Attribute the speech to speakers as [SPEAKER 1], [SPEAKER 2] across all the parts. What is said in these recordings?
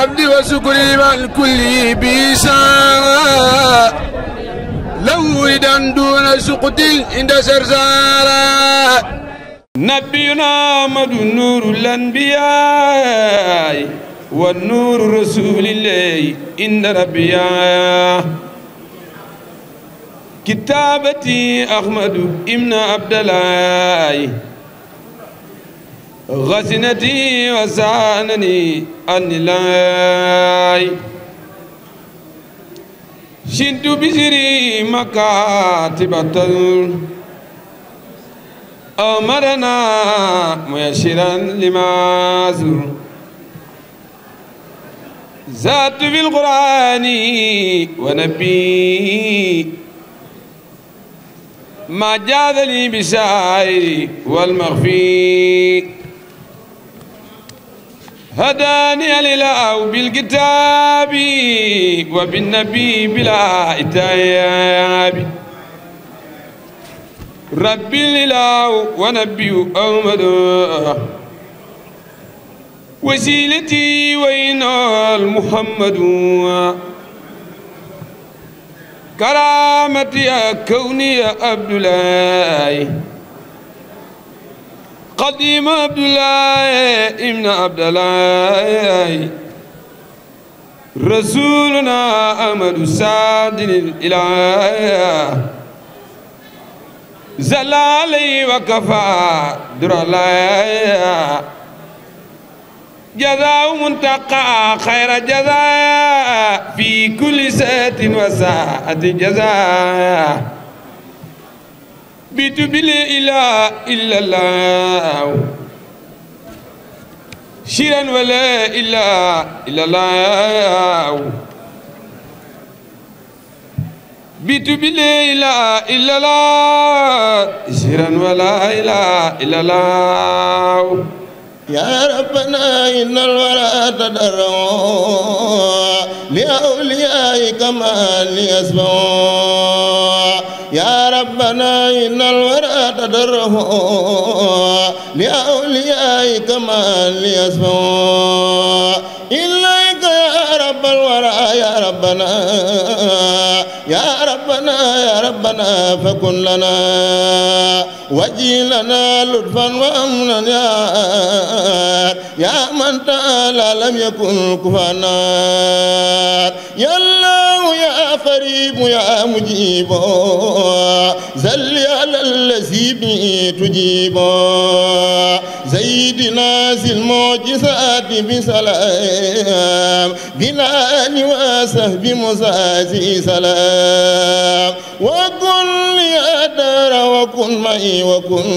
[SPEAKER 1] عبدي وشكري مع الكل بيسارا لو إذا دون سقط عند سرسارا نبينا مد نور الأنبياء والنور رسول الله عند ربيا كتابتي أحمد ابن عبد الله غسنتي وسانني أن لاي شد بشري مكاتبة أمرنا ميسرا لما ذات في القرآن ونبي ما جاذ لي بسائري والمخفي هداني الإله بالكتاب وبالنبي بلا إتياب ربي الإله ونبي أحمد وسيلتي وين المحمد كرامتي كوني عبد الله قديم عبد الله ابن عبد الله رسولنا أحمد سعد الإله زلالي وكفى در الله جزاء منتقى خير جزاء في كل سات وساعة جزاء bitu bi la ilaha illallah shiran wala ilaha illallah bitu bi la ilaha illallah shiran wala ilaha
[SPEAKER 2] illallah ya
[SPEAKER 3] rabbana innal wara tadarru li awliyaika ma li asbaa يا ربنا إن الورى تدره لأوليائك ما ليسمعوا إليك يا رب الورى يا ربنا يا ربنا يا ربنا فكن لنا وجه لنا لطفا وأمنا يا يا من تعالى لم يكن كفانا يا الله يا قريب يا مجيب زل على الذي به تجيب زيدنا ذي المعجزات بسلام بلا نواس السهب مسازي سلام وكن لأدر وكن معي وكن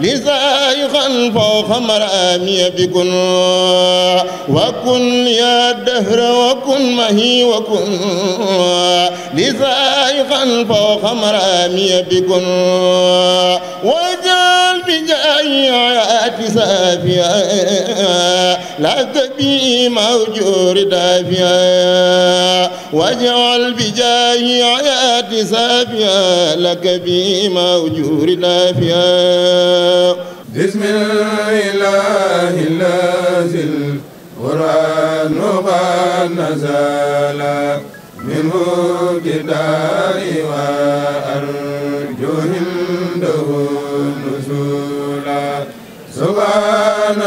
[SPEAKER 3] لزايخا فوق مرامي بكن وكن يا دهر وكن مهي وكن لزايخا فوق مرامي بكن وجاء بجايات سافيا لا تبي موجور دافيا واجعل بجاه عيات سافيا لك بي موجور دافيا
[SPEAKER 2] بسم الله الذي القرآن قد نزل منه بدار وأرجو كان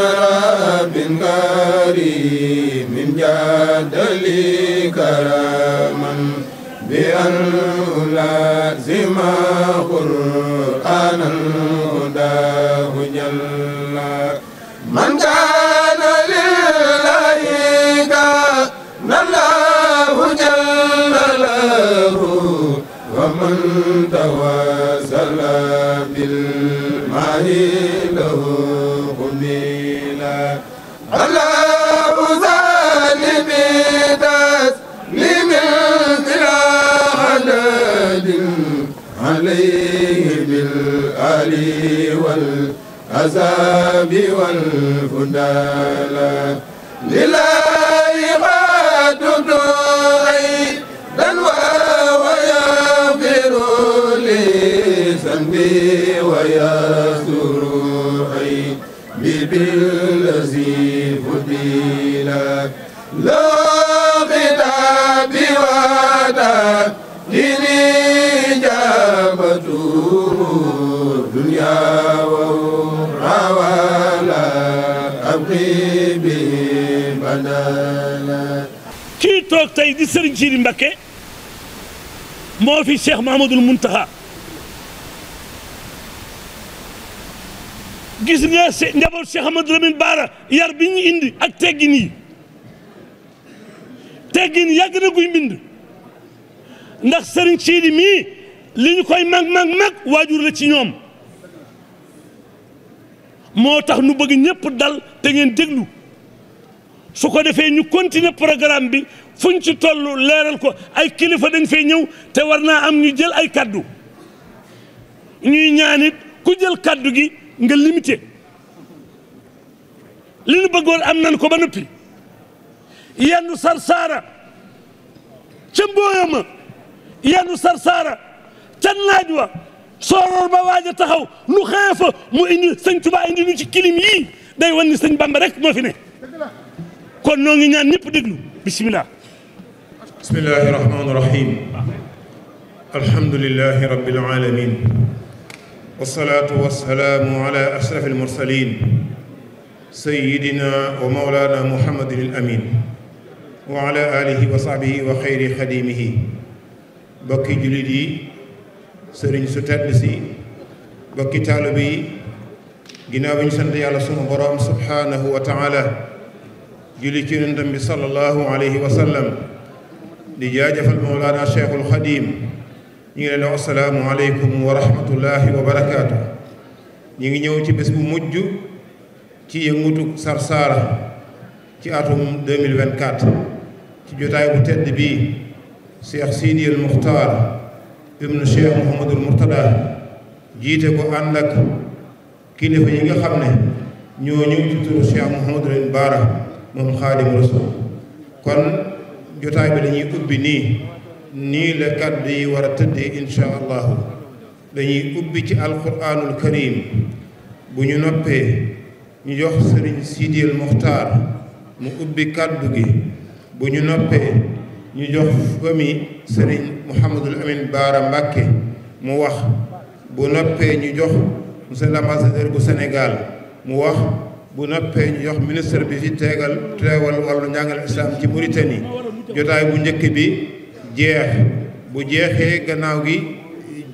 [SPEAKER 2] رب كريم جاد لي كرما بأن ألازمه العلي والأزاب والفدال لله قد أيضا
[SPEAKER 4] ويغفر
[SPEAKER 2] لي ذنبي ويستر عيبي بالذي فديلا لا
[SPEAKER 5] kii toog tey di Serigne Sidi Mbacké moo fi Cheikh Mahamadoul Mountakha gis nga njaboot Cheikh Amadou Lamine Bara yar bi ñu indi ak teggin yi teggin yàgg na kuy mbind ndax Serigne Sidi mii li ñu koy mag mag mag waajur la ci ñoom moo tax nu bëgg ñëpp dal te ngeen déglu su ko defee ñu continuer programme bi fuñ ci toll leeral ko ay kilifa dañ fay ñëw te war naa am ñu jël ay kaddu ñuy ñaanit ku jël kaddu gi nga limité li nu bëggoon am nan ko ba noppi yenn sarsaara ca mbooyama yenn sarsaara ca naaj wa sooroor ba waaj a taxaw nu xëye fa mu indi sëñ Tuubaa indi nu ci kilim yii day wan ni sëñ Bamba rek moo fi ne kon noo ngi ñaan ñëpp déglu bisimilah
[SPEAKER 6] bismillahi rahmaani rahim alhamdulilahi rabbil alamin wasalaatu wasalaamu ala ashraf almursalin sayidina wa maulana muhammadin al amin wa ala alihi wa sahbihi wa xayri xadimihi bokki julit yi sëriñ su tedd si bokki taalibe bi ginnaaw bi ñu sant yàlla suma boroom subhaanahu wa taala julli ci yonentam bi sallallahu alayhi wa sallam di jaajëfal mawlaana cheikhul xadim ñu ngi leen wax asalaamu aleykum wa rahmatullahi wa barakaatu ñu ngi ñëw ci bés bu mujj ci yëngutu Sarsara ci atum 2024 ci jotaay bu tedd bii Cheikh Sidi El Muxtaar ibnu cheikh Mouhamadul Mourtada jiite ko ànd ak kilifa yi nga xam ne ñoo ñëw ci turu cheikh Mouhamadul Baara moom xaadim rasul kon jotaay bi dañuy ubbi nii nii la kàddu yi war a tëddee insha allahu dañuy ubbi ci alquranul karim bu ñu noppee ñu jox sëriñ Sidil Muxtaar mu ubbi kàddu gi bu ñu noppee ñu jox komi sëriñ Mouhamadul Amin Baara Mbàkke mu wax bu noppee ñu jox monsieur l'ambassadeur bu Sénégal mu wax bu noppee ñu jox ministre bi fi teegal teewal wàllu njàngal islam ci Mauritanie jotaay bu njëkk bi jeex bu jeexee gannaaw gi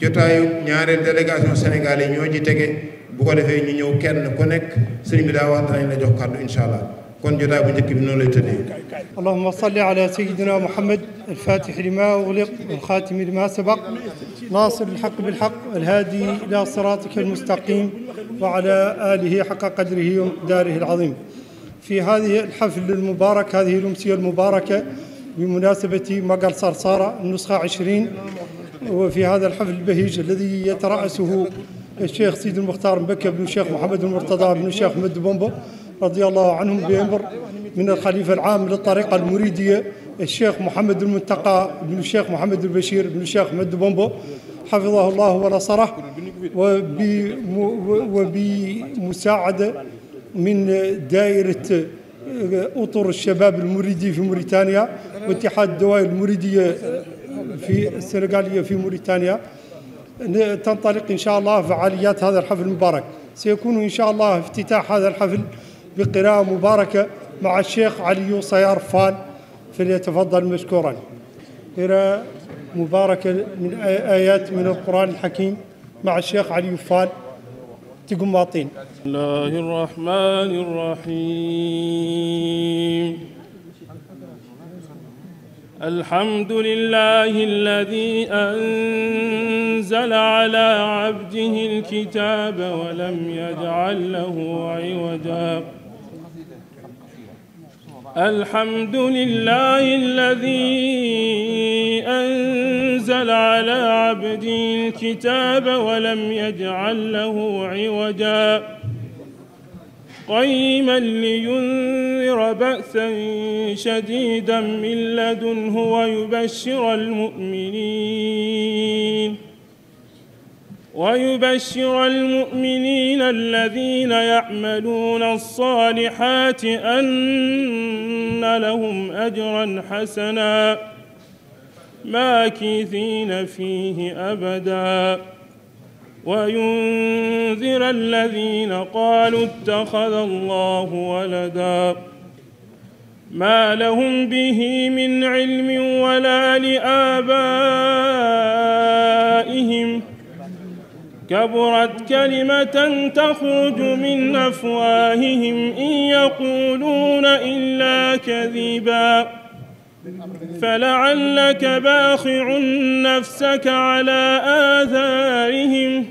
[SPEAKER 6] jotaayu ñaareel délégation Sénégal yi ñoo ci tege bu ko defee ñu ñëw kenn ku nekk sëriñ bi daa wax danañ la jox kàddu incha allah kon jotaay bu njëkk bi noonu lay tëddee
[SPEAKER 4] allahuma salli ala sayidina muhammad alfatixi lima ugliq walxaatimi lima sabaq nasir ilxaq bilxaq alhaadi ila siratika almustaqim wa ala alihi xaqa qadrihi wa miqdaarihi alazim fi hadihi alxafl almubarak hadihi alumsiya almubaraka بمناسبة مقر صرصارة النسخة عشرين وفي هذا الحفل البهيج الذي يترأسه الشيخ سيد المختار مبكى بن الشيخ محمد المرتضى بن الشيخ مد بومبو رضي الله عنهم بأمر من الخليفة العام للطريقة المريدية الشيخ محمد المنتقى بن الشيخ محمد البشير بن الشيخ مد بومبو حفظه الله ونصره وبمساعدة من دائرة أطر الشباب المريدي في موريتانيا واتحاد الدوائر المريدية في السنغالية في موريتانيا تنطلق إن شاء الله فعاليات هذا الحفل المبارك سيكون إن شاء الله افتتاح هذا الحفل بقراءة مباركة مع الشيخ علي صيارفان فليتفضل مشكورا قراءة مباركة من آيات من القرآن الحكيم مع الشيخ علي فال تقماطين بسم
[SPEAKER 7] الله الرحمن الرحيم الحمد لله الذي أنزل على عبده الكتاب ولم يجعل له عوجاً الحمد لله الذي أنزل على عبده الكتاب ولم يجعل له عوجا قيما لينذر بأسا شديدا من لدنه ويبشر المؤمنين ويبشر المؤمنين الذين يعملون الصالحات أن لهم أجرا حسنا ماكثين فيه أبدا وينذر الذين قالوا اتخذ الله ولدا ما لهم به من علم ولا لآبائهم ۖ كبرت كلمة تخرج من أفواههم إن يقولون إلا كذبا فلعلك باخع نفسك على آثارهم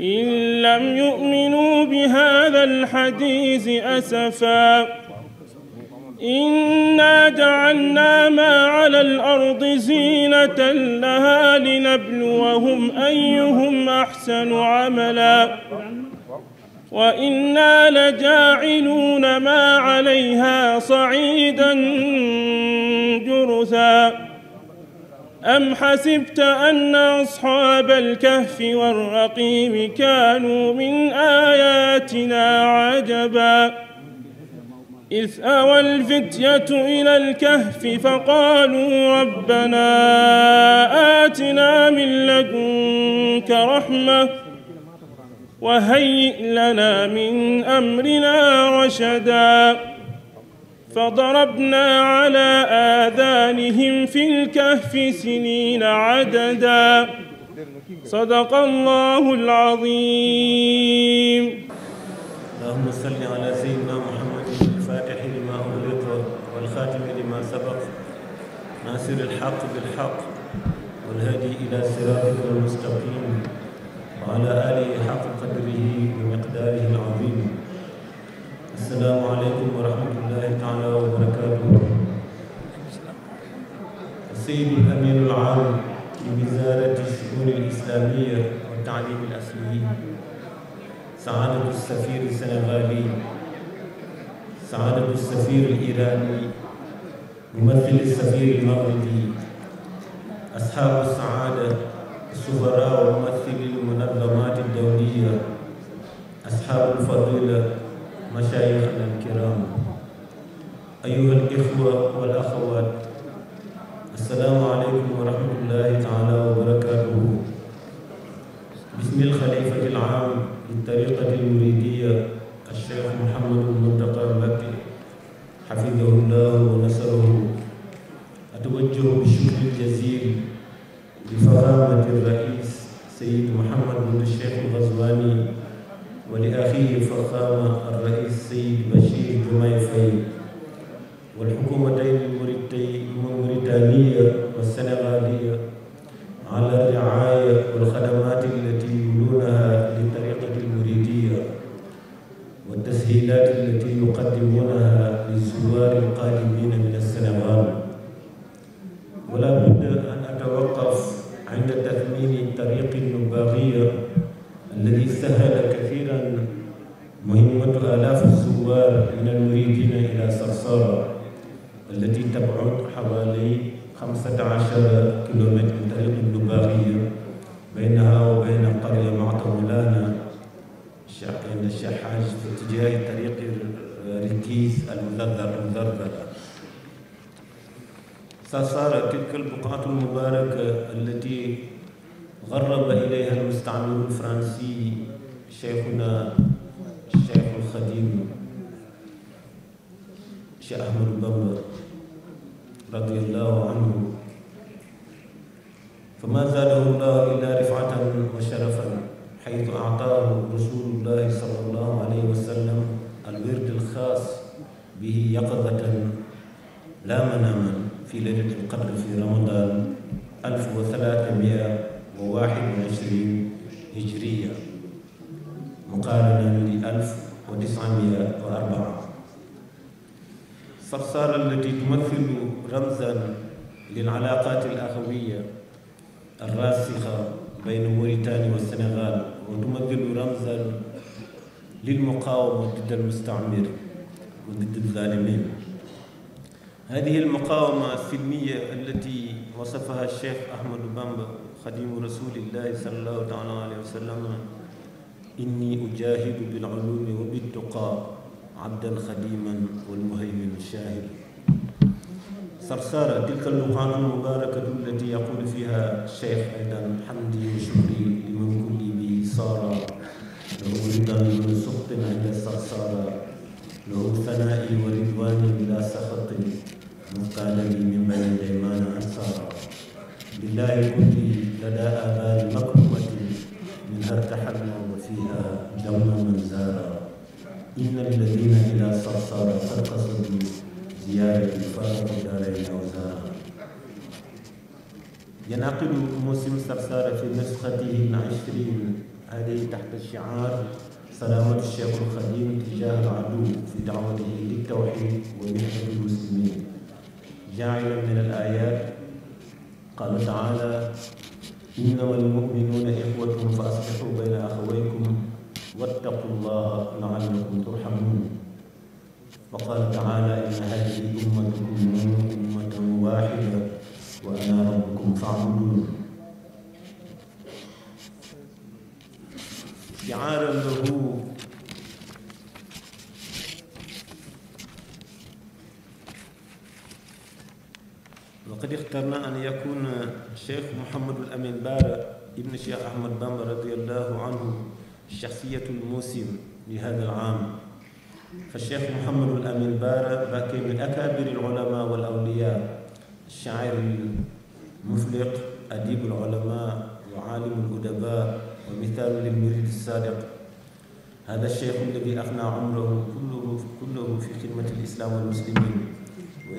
[SPEAKER 7] إن لم يؤمنوا بهذا الحديث أسفا إنا جعلنا ما على الأرض زينة لها لنبلغ وهم أيهم أحسن عملا وإنا لجاعلون ما عليها صعيدا جرثا أم حسبت أن أصحاب الكهف والرقيم كانوا من آياتنا عجباً إذ أوى الفتية إلى الكهف فقالوا ربنا آتنا من لدنك رحمة وهيئ لنا من أمرنا رشدا فضربنا على آذانهم في الكهف سنين عددا صدق الله العظيم
[SPEAKER 8] اللهم صل على سيدنا محمد وفسر الحق بالحق والهدي إلى صراطك المستقيم وعلى آله حق قدره ومقداره العظيم السلام عليكم ورحمة الله تعالى وبركاته السيد الأمين العام لوزارة الشؤون الإسلامية والتعليم الأصلي سعادة السفير السنغالي سعادة السفير الإيراني يمثل السفير المغربي أصحاب السعادة السفراء وممثل المنظمات الدولية أصحاب الفضيلة مشايخنا الكرام أيها الإخوة والأخوات السلام عليكم ورحمة الله تعالى وبركاته باسم الخليفة العام للطريقة المريدية الشيخ محمد المنتقى حفظه الله ونصره أتوجه بالشكر الجزيل لفخامة الرئيس سيد محمد بن الشيخ الغزواني ولأخيه فخامة الرئيس سيد بشير جمعي فاي والحكومتين الموريتانية والسنغالية لا مناما في ليلة القدر في رمضان 1321 هجرية مقارنة ل 1904 فالصالة التي تمثل رمزا للعلاقات الأخوية الراسخة بين موريتانيا والسنغال وتمثل رمزا للمقاومة ضد المستعمر وضد الظالمين هذه المقاومة الفنية التي وصفها الشيخ أحمد بامبا خديم رسول الله صلى الله تعالى عليه وسلم إني أجاهد بالعلوم وبالتقى عبدا خديما والمهيمن الشاهد صرصار تلك اللقانة المباركة التي يقول فيها الشيخ أيضا حمدي وشكري لمن كل به صار له رضا من سخط عند الصرصار له ثنائي ورضواني بلا سخط مثقالا من الأيمان أثارا لله كل لدى آبان مكرمة منها ارتحلنا وفيها دوما زارا إن الذين إلى صرصار قد قصدوا زيارة فارقوا دارين أوزارا ينعقد موسم صرصار في نسخته العشرين هذه تحت الشعار سلامة الشيخ الخديم تجاه العدو في دعوته للتوحيد ومنحة المسلمين جاعلا من الآيات قال تعالى إنما المؤمنون إخوة فأصلحوا بين أخويكم واتقوا الله لعلكم ترحمون وقال تعالى إن هذه أمتكم أمة واحدة وأنا ربكم فاعبدون استعارا له waqad ixtarna an yakuna cheikh Mouhamadul Amin Baara ibn cheikh Ahmad Bamba radiallahu anhu shaxsiyatul musim li hada al aam fa cheikh Mouhamadul Amin Baara Mbacké min akaabiri al ulama wal awliya shaa'irul mufliq adibul ulama wa aalimul udaba wa mithaalu lil muriidi saadiq hada cheikh alladi afnaa umrahu kullahu kullahu fi xidmati al islam wal muslimin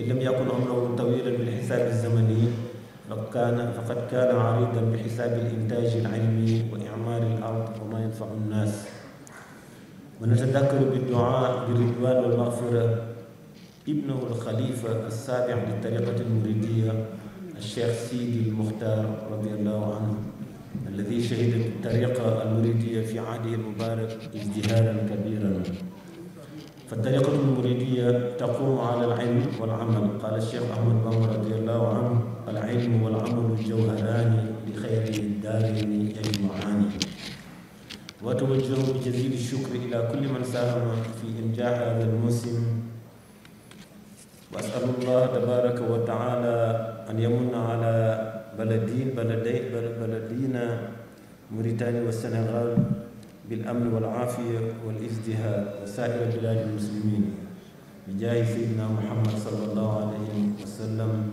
[SPEAKER 8] lam yakun umruhu tawilan min xisaabi zamani fakaana faqad kaana aridan bi xisaabi al-intaaji al-ilmi wa imaari al-ard wa maa yanfau nnaas wa natadakkaru bi duaa bi ridwaan wal magfira ibnahu al-xalifa as-saabi li tariqati al-muridiya الشيخ سيدي المختار رضي الله عنه الذي شهد الطريقة المريدية في عهده المبارك ازدهارا كبيرا fa tariqatul muridiya taqumu ala al ilmi wal amal qala cheikh ahmad bamba radiallahu anhu al ilmu wal amalu jawharani li xayri daarini ajmaani wa tawajjahu bi jazili shukri ila kulli man saahama fi injaax hada al musim wa asalu allah tabaraka wa taala an yamunna ala baladin baladay baladina mauritani wa sénégal بالأمن والعافية والازدهار وسائر بلاد المسلمين بجاه سيدنا محمد صلى الله عليه وسلم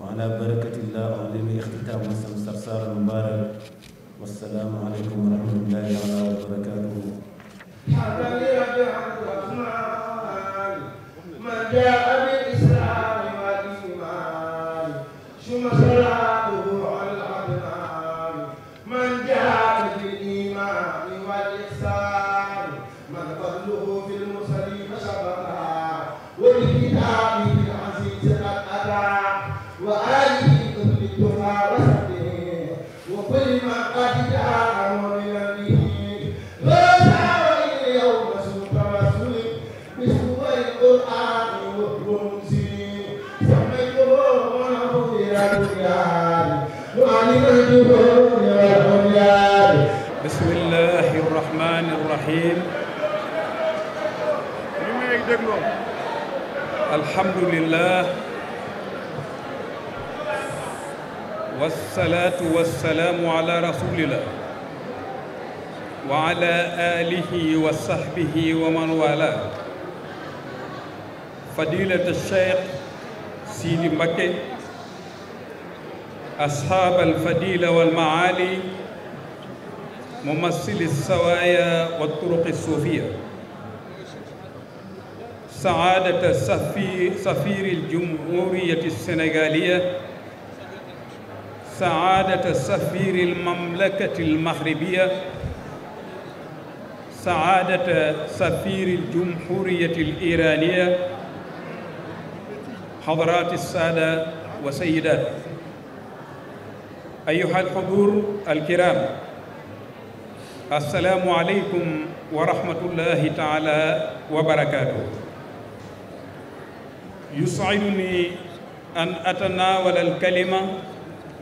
[SPEAKER 8] وعلى بركة الله وعلم اختتام موسم سرسار المبارك والسلام عليكم ورحمة الله تعالى وبركاته.
[SPEAKER 2] حتى لي بحق الأسماء من جاء
[SPEAKER 4] dégloo
[SPEAKER 9] alhamdulillah wasalaatu wasalaamu ala rasulillah wa ala alihi wa sahbihi wa man wala fadilata cheikh Sidi Mbacké أصحاب الفضيلة والمعالي ممثل السوايا والطرق الصوفية سعادة سفير, سفير الجمهورية السنغالية سعادة سفير المملكة المغربية سعادة سفير الجمهورية الإيرانية حضرات السادة وسيدات أيها الحضور الكرام السلام عليكم ورحمة الله تعالى وبركاته يسعدني أن أتناول الكلمة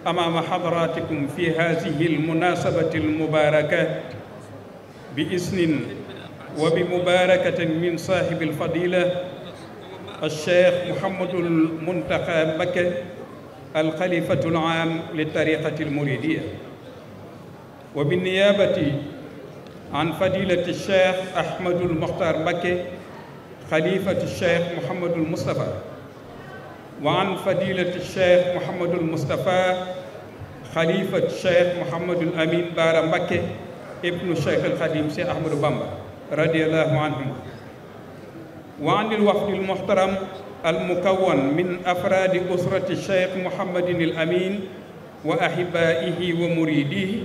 [SPEAKER 9] أمام حضراتكم في هذه المناسبة المباركة بإسن وبمباركة من صاحب الفضيلة الشيخ محمد المنتقى مكة الخليفة العام للطريقة المريدية وبالنيابة عن فضيلة الشيخ أحمد المختار مكة xalifati cheikh Mouhamadul Moustapha wa an fadilati cheikh Mouhamadul Moustapha xalifati cheikh Mouhamadul Amin Baara Mbakke ibnu cheikh al Xadim Cheikh Ahmadou Bamba radiyallahu anhum wa anil wafdil muhtaram al mukawwan min afraadi usrati cheikh Mouhamadin al Amin wa ahibaihi wa muridihi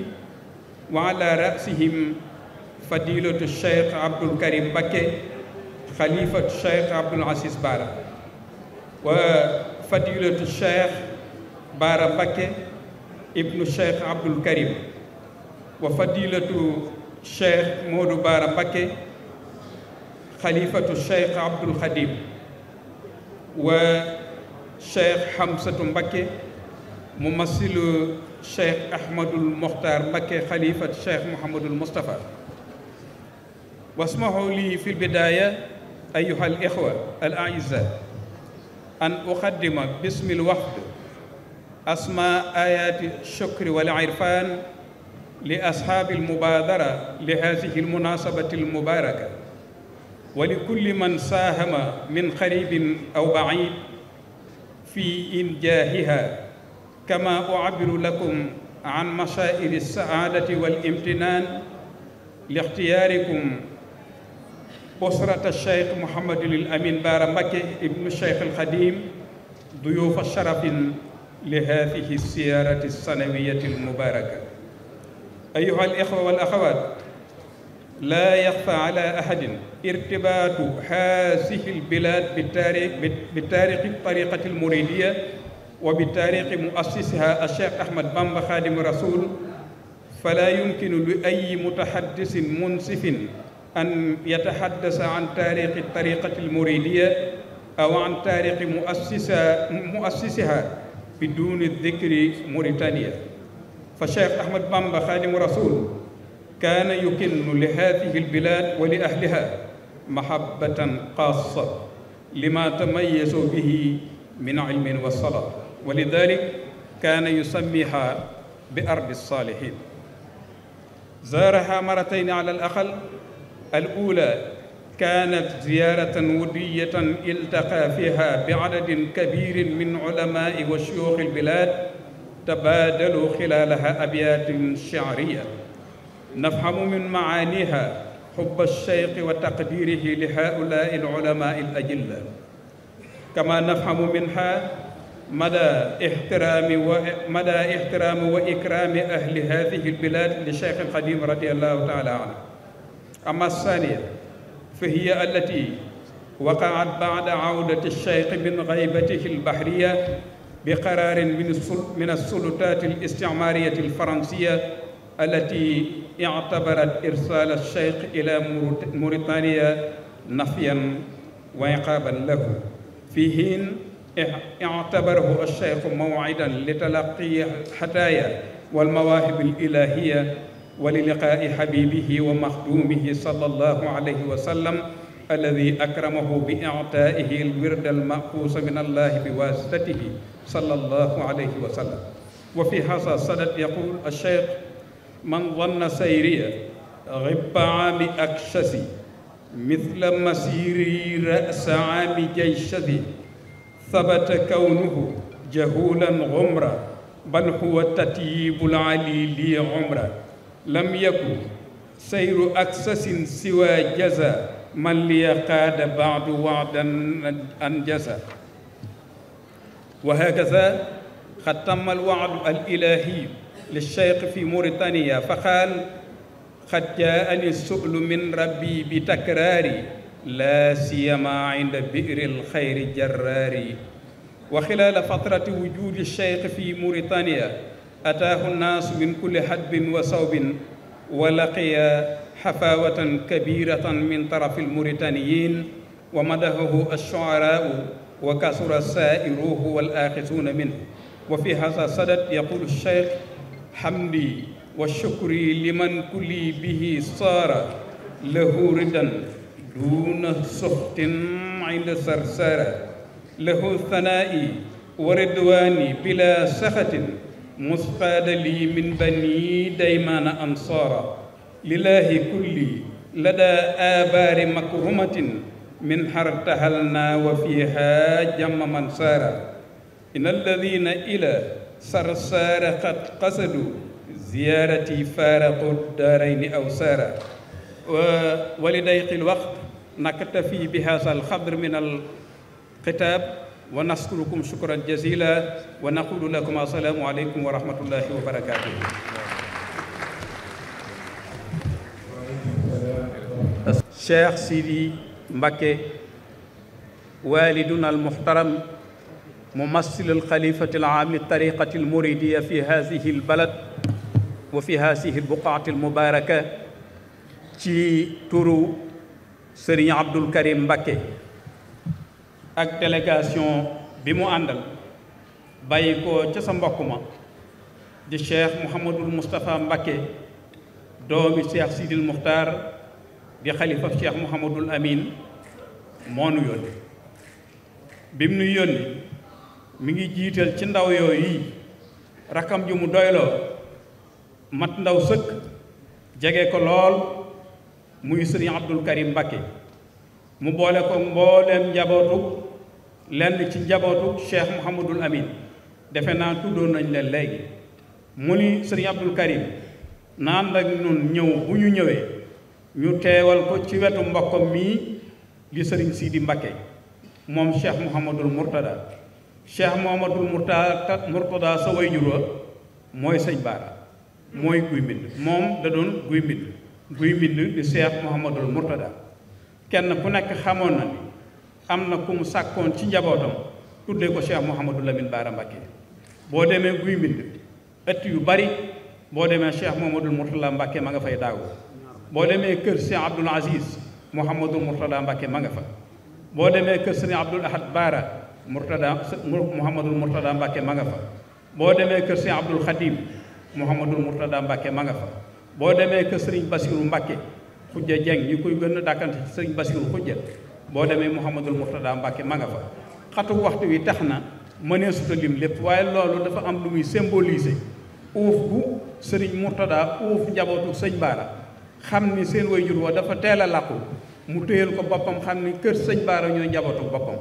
[SPEAKER 9] wa ala rasihim fadilatu cheikh Abdoul Karim Mbakke خليفة الشيخ عبد العزيز بارا وفضيلة الشيخ بارا مبكي ابن الشيخ عبد الكريم وفضيلة الشيخ مودو بارا مبكي خليفة الشيخ عبد الخديم والشيخ حمزة مبكي ممثل الشيخ أحمد المختار مكي خليفة الشيخ محمد المصطفى واسمحوا لي في البداية أيها الإخوة الأعزاء أن أقدم باسم الوفد أسماء آيات الشكر والعرفان لأصحاب المبادرة لهذه المناسبة المباركة ولكل من ساهم من قريب أو بعيد في إنجاهها كما أعبر لكم عن مشاعر السعادة والامتنان لاختياركم أسرة الشيخ محمد الأمين بار مكي ابن الشيخ القديم ضيوف شرف لهذه السيارة السنوية المباركة أيها الإخوة والأخوات لا يخفى على أحد ارتباط هذه البلاد بالتاريخ, بالتاريخ الطريقة المريدية وبالتاريخ مؤسسها الشيخ أحمد بامبا خادم الرسول فلا يمكن لأي متحدث منصف أن يتحدث عن تاريخ الطريقة المريدية أو عن تاريخ مؤسسة مؤسسها بدون الذكر موريتانيا فالشيخ أحمد بامبا خادم رسول كان يكن لهذه البلاد ولأهلها محبة خاصة لما تميزوا به من علم والصلاة ولذلك كان يسميها بأرض الصالحين زارها مرتين على الأقل الأولى كانت زيارة ودية التقى فيها بعدد كبير من علماء وشيوخ البلاد تبادلوا خلالها أبيات شعرية نفهم من معانيها حب الشيخ وتقديره لهؤلاء العلماء الأجلة كما نفهم منها مدى احترام ومدى احترام وإكرام أهل هذه البلاد للشيخ القديم رضي الله تعالى عنه أما الثانية فهي التي وقعت بعد عودة الشيخ من غيبته البحرية بقرار من من السلطات الاستعمارية الفرنسية التي اعتبرت إرسال الشيخ إلى موريتانيا نفيا وعقابا له في حين اعتبره الشيخ موعدا لتلقي الحدايا والمواهب الإلهية وللقاء حبيبه ومخدومه صلى الله عليه وسلم الذي أكرمه بإعطائه الورد المأخوص من الله بواسطته صلى الله عليه وسلم وفي هذا الصدد يقول الشيخ من ظن سيري غب عام أكشسي مثل مسيري رأس عام جيشذي ثبت كونه جهولا غمرا بل هو التتيب العلي لي عمره lam yaku sayru ak sasin siwa jaza man liya qaada baadu waadan an jaza wa hakaza qad tamma alwaadu alilahi للشيخ في موريتانيا فقال قد جاءني السؤل من ربي بتكراري لا سيما عند بئر الخير جراري وخلال فترة وجود الشيخ في موريتانيا ataahu nnaasu min kulli hadbin wa sawbin wa laqiya xafaawatan kabiratan min tarafi lmuritaniyin wa madahahu alshuaraau wa kasura saairuhu walaakisuuna minhu wa fi hasa sadat yaqulu cheikh hamdi wa shukri liman kulli bihi saara lahu ridan duuna suxtin inda sarsara lahu thanaai wa ridwaani bila saxatin مسقاد لي من بني ديمان أنصارا لله كلي لدى آبار مكرمة من حر تهلنا وفيها جم من سارا إن الذين إلى سرسار قد قصدوا زيارتي فارقوا الدارين أو سارا ولضيق الوقت نكتفي بهذا الخبر من الكتاب wa nashkurukum shukran jazila wa naqulu lakum assalaamu aleykum wa rahmatullahi wa barakatuh cheikh sidi mbakke waliduna almuhtaram mumassil alxalifati alaami tariqati almuridiya fi hadihi albalad wa fi hadihi albuqaati almubaraka ci turu sëriñ abdul karim mbakke ak délégation bi mu àndal bàyyi ko ca sa mbokk ma di cheikh mouhamadul moustapha mbakke doomi cheikh sidil muxtaar di xalifa cheikh mouhamadul amin moo nu yónni bi mu nu yónni mi ngi jiital ci ndaw yooyu yi rakam ju mu doyloo mat ndaw sëkk jege ko lool muy sëriñ abdul karim mbakke mu boole ko mbooleem njabootu lenn ci njabootu cheikh Mouhamadul Amin defe naa tuddoon nañ leen léegi mu ni sëriñ Abdul Karim naan ak nun ñëw bu ñu ñëwee ñu teewal ko ci wetu mbokkam mii li sëriñ Sidi Mbakke moom cheikh Mouhamadul Mourtada cheikh Mouhamadul Mourtada sa way jur mooy sëñ Baara mooy guy mbind moom da doon guy mbind guy mbind di cheikh Mouhamadul Mourtada kenn ku nekk xamoon na ni am na ku mu sàkkoon ci njabootam tuddee ko Cheikh Mouhamadou Lamine Bara Mbacké boo demee guy mbind ëtt yu bari boo demee Cheikh Mouhamadou Mourtala Mbacké ma nga fay daagu boo demee kër Cheikh Abdoul Aziz Mouhamadou Mourtala Mbacké ma nga fa boo demee kër Serigne Abdoul Ahad Bara Mourtada Mouhamadou Mourtada Mbacké ma nga fa boo demee kër Serigne Abdoul Khadim Mouhamadou Mourtada Mbacké ma nga fa boo demee kër Serigne Bassirou Mbacké xujja Jeng ñu koy gën a dàkkante Serigne Bassirou xujja boo demee Mouhamadul Mourtada Mbacke ma nga fa xatu waxtu wi tax na mënee suta lim lépp waaye loolu dafa am lu muy symboliser uuf bu sëriñ Mourtada uuf njabootu sëñ Baara xam ni seen way jur wa dafa teel a làqu mu téyal ko boppam xam ni kër sëñ Baara ñooy njabootu boppam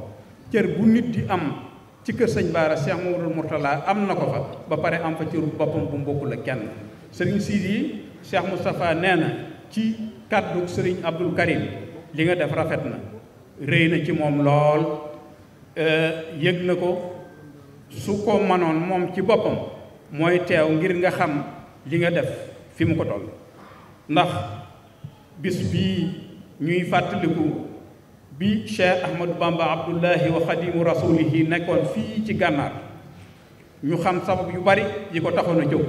[SPEAKER 9] cër bu nit am ci kër sëñ Baara Cheikh Mouhamadul Mourtada am na ko fa ba pare am fa cëru boppam bu mbokku la kenn sëriñ yi Cheikh Moustapha nee na ci kàddu sëriñ Abdul Karim li nga def rafet na rëy na ci moom lool euh, yëg na ko su ko manoon moom ci boppam mooy teew ngir nga xam li nga def fi mu ko toll ndax bis bii ñuy fàttaliku bi Cheikh Ahmadou Bamba Abdullahi wa xadimu nekkoon fii ci gànnaar ñu xam sabab yu bari yi ko taxoon a jóg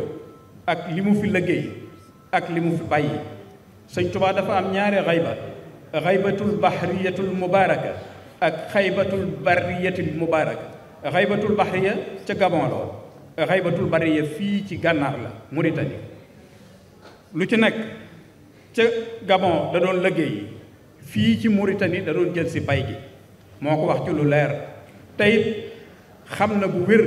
[SPEAKER 9] ak li mu fi liggéey ak li mu fi bàyyi sëñ Tuubaa dafa am ñaari xayba xaybatul bahriyatul mubaaraka ak xaybatul barriyatul mubaaraka xaybatul bahriya ca Gabon la woon xaybatul barriya fii ci gànnaar la Mauritanie lu ci nekk ca Gabon da doon liggéey fii ci Mauritanie da doon jël si pay gi moo ko wax ci lu leer tey xam na bu wér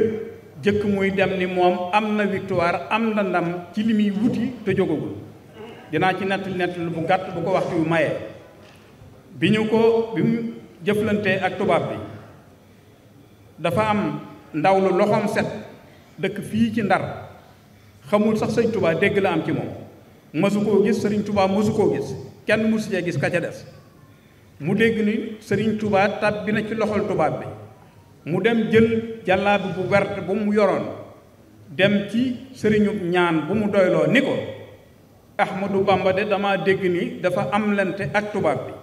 [SPEAKER 9] jëkk muy dem ni moom am na victoire am na ndam ci li muy wuti te jógagul dinaa ci nett nett bu gàtt bu ko waxtu yu maye bi ñu ko bi mu jëflantee ak tubaab bi dafa am ndaw lu loxoom set dëkk fii ci ndar xamul sax sëñ tubaa dégg la am ci moom mësu koo gis sëriñ tubaa mësu koo gis kenn mësu cee gis ka ca des mu dégg ni sëriñ tubaa tàbbi na ci loxol tubaab bi mu dem jël jàllaabi bu wert bu mu yoroon dem ci sëriñu ñaan bu mu doyloo ni ko ahmadu bamba de dama dégg ni dafa amlante lente ak tubaab bi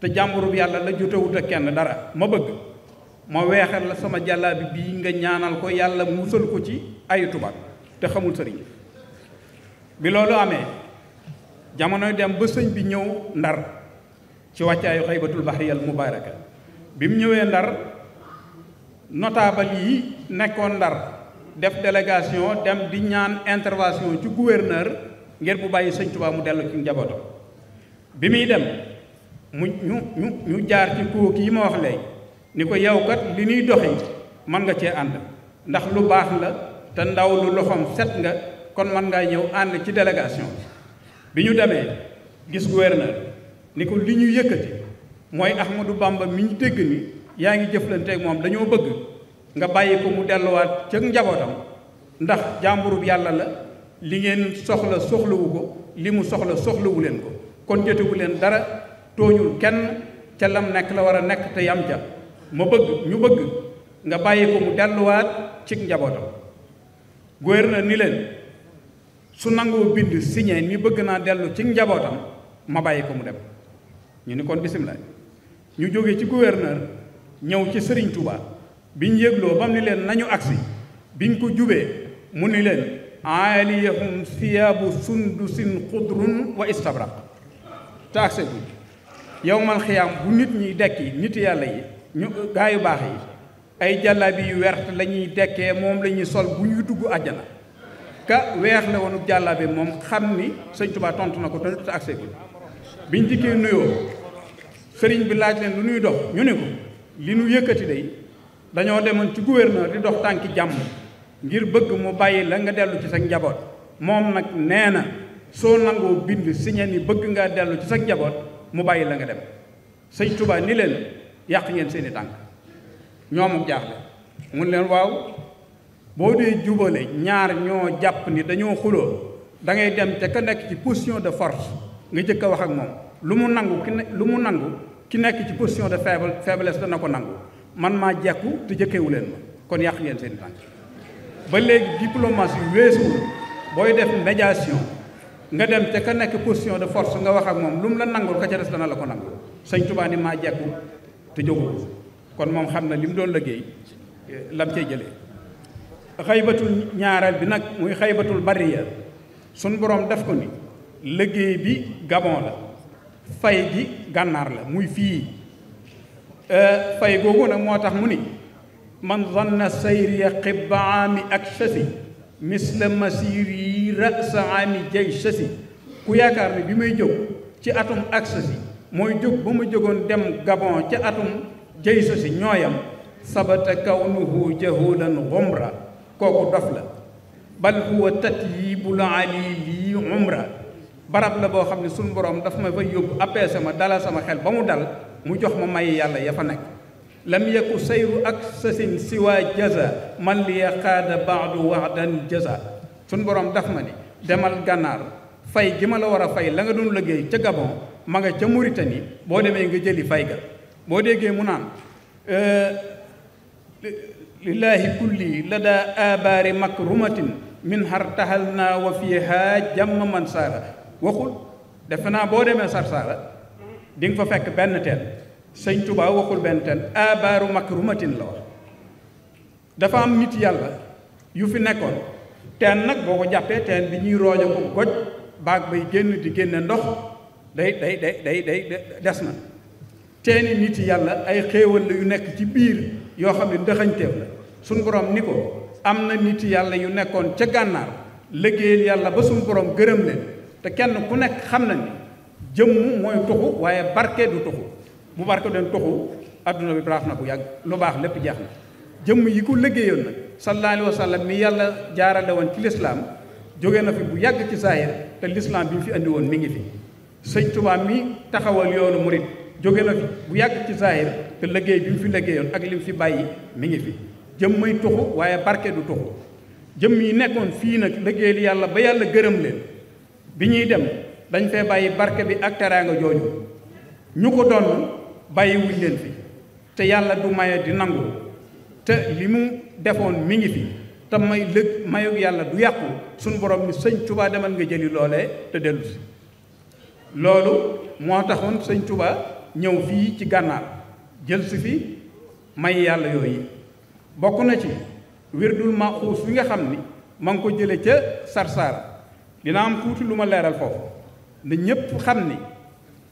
[SPEAKER 9] te jàmburub yàlla la jotewut ak kenn dara ma bëgg ma weexal la sama jàllaabi bii nga ñaanal ko yàlla musal ko ci ayu tubaab te xamul sëriñ bi loolu amee jamonoy dem ba sëñ bi ñëw ndar ci wàccaayu xaybatul bahriyal mubaraka bi mu ñëwee ndar notable yi nekkoon ndar def délégation dem di ñaan intervention ci gouverneur ngir bu bàyyi sëñ Tuubaa mu dellu ci njabootam bi muy dem mu ñu ñu ñu jaar ci kóok yi ma wax léegi ni ko yow kat li ñuy doxi mën nga cee ànd ndax lu baax la te ndaw lu loxoom set nga kon mën ngaa ñëw ànd ci délégation bi ñu demee gis gouverneur ni ko li ñu yëkkati mooy du bàmba mi ñu dégg ni yaa ngi jëflanteeg moom dañoo bëgg nga bàyyi ko mu delluwaat ca njabootam ndax jàmburub yàlla la li ngeen soxla soxlawu ko li mu soxla soxlawu leen ko kon jotewu leen dara tooñul kenn ca lam nekk la war a nekk te yam ca ma bëgg ñu bëgg nga bàyyi ko mu delluwaat ci njabootam gouverneur ni leen su nangoo bind signé ni bëgg naa dellu ci njabootam ma bàyyi ko mu dem ñu ni kon bisimilah ñu jóge ci gouverneur ñëw ci Serigne Touba biñ yégloo bam ni leen nañu agsi biñ ko jubee mu ni leen aaliyahum siyaabu sundusin xudrun wa istabraq te agsi yowmal xiyaam bu nit ñi dekki nit yàlla yi ñu gaa baax yi ay jàllaabi yu wert lañuy dekkee moom lañuy sol bu ñuy dugg àjjana ka weex la woonu jàllaabi moom xam ni sëñ Tuubaa tontu na ko te te accès bi biñ dikkee nuyoo sëriñ bi laaj leen lu nuy dox ñu ne ko li nu yëkkati day dañoo demoon ci gouverneur di dox tànki jàmm ngir bëgg mu bàyyi la nga dellu ci sa njaboot moom nag nee na soo nangoo bind signé ni bëgg nga dellu ci sag njaboot mu bàyyi la nga dem sëñ Touba ni leen yàq ngeen seeni tànk ñoomu jaaxle mun leen waaw boo dee jubale ñaar ñoo jàpp ni dañoo xuloo da ngay dem te ka nekk ci position de force nga jëkk a wax ak moom lu mu nangu ki lu mu nangu ki nekk ci position de faible faiblesse dana ko nangu man maa jekku te jëkkewu leen ma kon yàq ngeen seeni tànk ba léegi diplomatie weesu booy def médiation nga dem te ka nekk position de force nga wax ak moom lu mu la nangul ka ca des dana la ko nangu sëñ Tuubaa ni maa jekku te jógu kon moom xam na li mu doon liggéey eh, lam cey jëlee xaybatul ñaareel bi nag muy xaybatul bariya suñ boroom def ko ni liggéey bi Gabon la fay gi gànnaar la muy fii eh, fay googu nag moo tax mu ni man zanna sayriya qibbaami ak sasi misla masiir yi rasa ami jay sasi ku yaakaar ne bi may jóg ci atum ak sasi mooy jóg ba ma jógoon dem Gabon ci atum jay sasi ñooyam sabata kawnuhu jahulan xumra kooku dof la bal huwa tatyibul alili umra barab la boo xam ne suñu borom daf ma fay yóbbu appeese ma dalal sama xel ba mu dal mu jox ma may yàlla ya fa nekk lam yaku sayru ak sasin siwaa jasa man li yaqaada baadu waxdan jaza suñ borom daf ma ni demal gànnaar fay gi ma la war a fay la nga doon liggéey ca Gabon ma nga ca Mauritanie boo demee nga jëli fay ga boo déggee mu naan euh, lillaahi kulli la daa abaari makrumatin min har taxal naa wa fiihaa jàmm man saara waxul defe naa boo demee Sarsara di nga fa fekk benn teen sëñ Touba waxul benn teen abaaru makrumatin la wax dafa am nit yàlla yu fi nekkoon teen nag boo ko jàppee teen bi ñuy roojo ko goj baag bay génn di génne ndox day day day day day des na teeni nit yàlla ay xéewal la yu nekk ci biir yoo xam ne ndëxañteef la suñ borom ni ko am na nit yàlla yu nekkoon ca gànnaar liggéeyal yàlla ba suñ borom gërëm leen te kenn ku nekk xam na ni jëmm mooy tuxu waaye barke du tuxu mu barke leen toxu adduna bi baax na bu yàgg lu baax lépp jeex na jëmm yi ko liggéeyoon nag sallallahu alayhi mi yàlla jaarale woon ci lislaam jóge na fi bu yàgg ci saahir te lislaam bi mu fi andi woon mi ngi fi sëñ tubaab mi taxawal yoonu murit jóge na fi bu yàgg ci saahir te liggéey bi mu fi liggéeyoon ak li mu fi bàyyi mi ngi fi jëm may tuxu waaye barke du tuxu jëm yi nekkoon fii nag liggéeyal yàlla ba yàlla gërëm leen bi ñuy dem dañ fee bàyyi barke bi ak teraanga bàyyiwuñ leen fi te yàlla du maye di nangu te li mu defoon mi ngi fi te may lëg mayu yàlla du yàqu suñ borom ni sëñ Tuubaa demal nga jëli loolee te dellu loolu moo taxoon sëñ Tuubaa ñëw fii ci gànnaar jël si fi may yàlla yooyu bokk na ci wirdul maxuus wi nga xam ni ma ngi ko jële ca Sarsara dina am tuuti lu ma leeral foofu na ñépp xam ni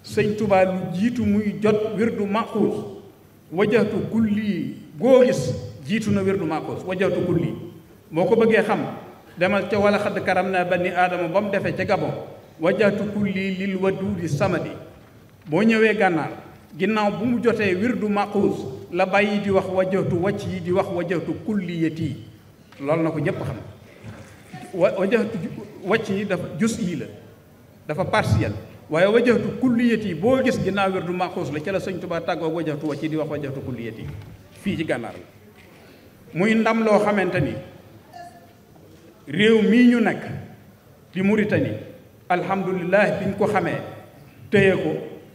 [SPEAKER 9] sëñ Tuubaa jiitu muy jot wirdu maxuus wajjatu kulli goo jiitu na wirdu maxuus wajjatu kulli boo ko bëggee xam demal ca wala xadd karam naa bani aadama ba mu defee ca gabon wajaatu kulli lil waduudi samadi boo ñëwee gànnaar ginnaaw bu mu jotee wirdu maxuus la bàyyi di wax wajjatu wacc yi di wax wajjatu kulliyati loolu na ko ñépp xam wajjatu wacc yi dafa jus yi la dafa partiel waaye wajjatu kulliyat yi boo gis ginnaaw wér du maxuus la ci la sëñ Tuubaa tàggoog wajjatu wa ci di wax wajjatu kulliyat yi fii ci gànnaar la muy ndam loo xamante ni réew mii ñu nekk di Muritani alhamdulilah biñ ko xamee téye ko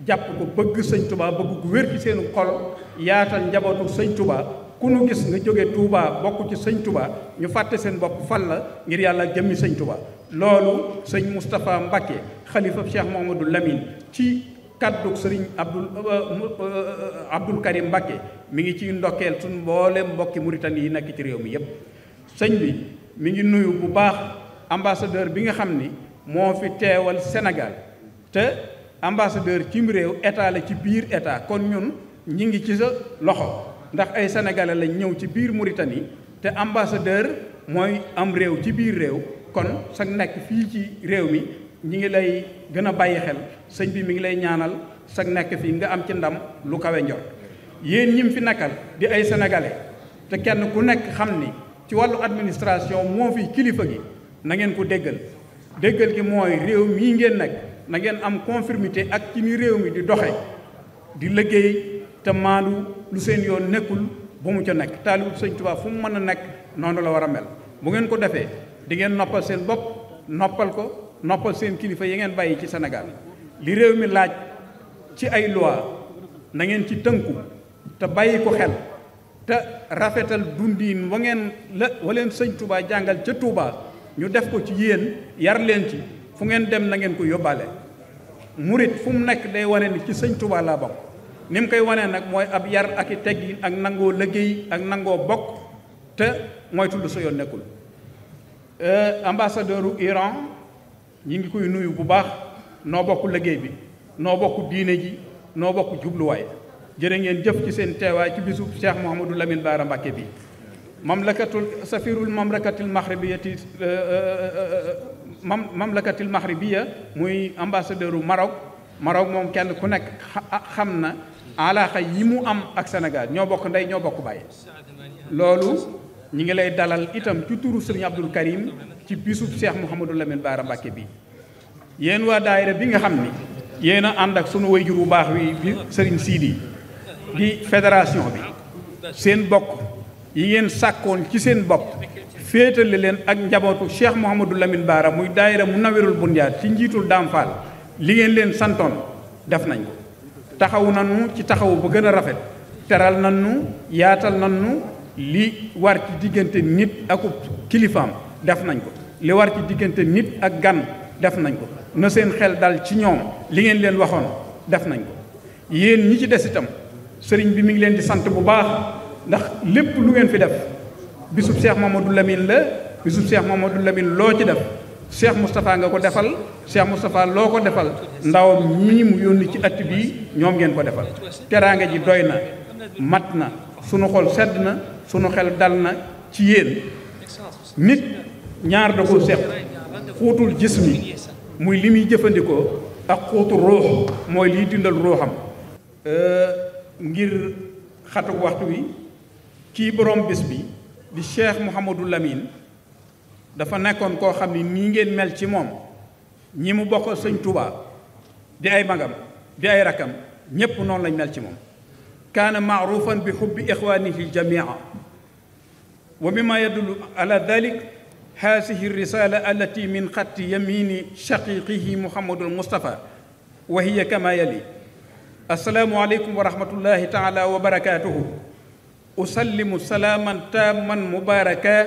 [SPEAKER 9] jàpp ko bëgg sëñ Tuubaa bëgg ku wér ci seen xol yaatal njabootu sëñ Tuubaa ku nu gis nga jóge Touba bokk ci sëñ Touba ñu fàtte seen bopp fal la ngir yàlla jëmmi sëñ Touba loolu sëñ Moustapha Mbacké xalifa Cheikh Mouhamadou Lamine ci kàddug sëriñ Abdul euh, euh, Abdul Karim Mbacké mi ngi ci ndokkeel suñ mboolem mbokki Mauritanie yi nekk ci réew mi yépp sëñ bi mi ngi nuyu bu baax ambassadeur bi nga xam ni moo fi teewal senegal te ambassadeur cim réew état la ci biir état kon ñun ñi ngi ci sa loxo ndax ay sénégalais lañ ñëw ci biir Mauritanie te ambassadeur mooy am réew ci biir réew kon sa nekk fii ci réew mi ñu ngi lay gën a bàyyi xel sëñ bi mi ngi lay ñaanal sa nekk fii nga am ci ndam lu kawe njor yéen ñim fi nekkal di ay senegale te kenn ku nekk xam ni ci wàllu administration moo fi kilifa gi na ngeen ko déggal déggal gi mooy réew mii ngeen nekk na ngeen am conformité ak ci ni réew mi di doxe di liggéey te maandu lu seen yoon nekkul bu mu ca nekk taalib sëñ Tuubaa fu mu mën a nekk noonu la war a mel bu ngeen ko defee di ngeen noppal seen bopp noppal ko noppal seen kilifa yi ngeen bàyyi ci Sénégal li réew mi laaj ci ay loi na ngeen ci tënku te bàyyi ko xel te rafetal dundiin wa ngeen la waleen sëñ Tuubaa jàngal ca Tuubaa ñu def ko ci yéen yar leen ci fu ngeen dem na ngeen ko yóbbaale murit fu mu nekk day wane ci sëñ Tuubaa laa bopp ni mu koy wanee nag mooy ab yar ak i teggin ak nangoo liggéey ak nangoo bokk te mooy tudd sa yoon nekkul euh, ambassadeur u Iran ñi ngi koy nuyu bu baax noo bokk liggéey bi noo bokk diine ji noo bokk jubluwaay jërë ngeen jëf ci seen teewaay ci bisu Cheikh Mouhamadou Lamine Bara mbakke bi mamlakatul safirul mamlakatil maxribiyati euh, euh, mam mamlakatil maxribiya muy ambassadeur u Maroc moom kenn ku nekk xam na alaaka yi mu am ak Sénégal ñoo bokk ndey ñoo bokk bàyyi loolu ñu ngi lay dalal itam ci turu sëriñ Abdul Karim ci bisub Cheikh Mouhamadou Lamine baara Mbacke bi yéen waa daayira bi nga xam ni yéen a ànd ak sunu wayjur bu baax wi bi sëriñ Sidi di fédération bi seen bokk yi ngeen sàkkoon ci seen bopp féetale leen ak njabootu Cheikh Mouhamadou lamin baara muy daayira mu nawerul bundiaat ci njiitul Daam Fall li ngeen leen santoon def nañ ko taxaw nanu ci taxawu ba gën a rafet teral nanu yaatal nanu li war ci diggante nit ak kilifaam def nañ ko li war ci diggante nit ak gan def nañ ko na seen xel dal ci ñoom li ngeen leen waxoon def nañ ko yéen ñi ci des itam sëriñ bi mi ngi leen di sant bu baax ndax lépp lu ngeen fi def bisub Cheikh Mamadou Lamine la bisub Cheikh Mamadou Lamine loo ci def Cheikh Moustapha nga ko defal Cheikh Moustapha loo ko defal ndawam ñii mu yónni ci at bii ñoom ngeen ko defal teraanga ji doy na mat na sunu xol sedd na sunu xel dal na ci yéen nit ñaar da ko seq xuutul gis mi muy li muy jëfandikoo ak xuutu ruux mooy liy dindal ruuxam euh, ngir xatuk waxtu wi kii borom bés bi di Cheikh Mouhamadou Lamine dafa nekkoon koo xam ni nii ngeen mel moom ñi mu bokkal sëñ tuba di ay magam di ay rakam ñépp noonu lañ mel ci moom kaana maarufan bi xubbi ixwaanihi jamia wa mima yadullu ala dalik haasihi risala allati min xatti yamini shaqiqihi muhammadul mustafa wa hiya kama yali assalaamu aleykum wa rahmatullahi taala wa barakatuhu usallimu salaaman taaman mubaraka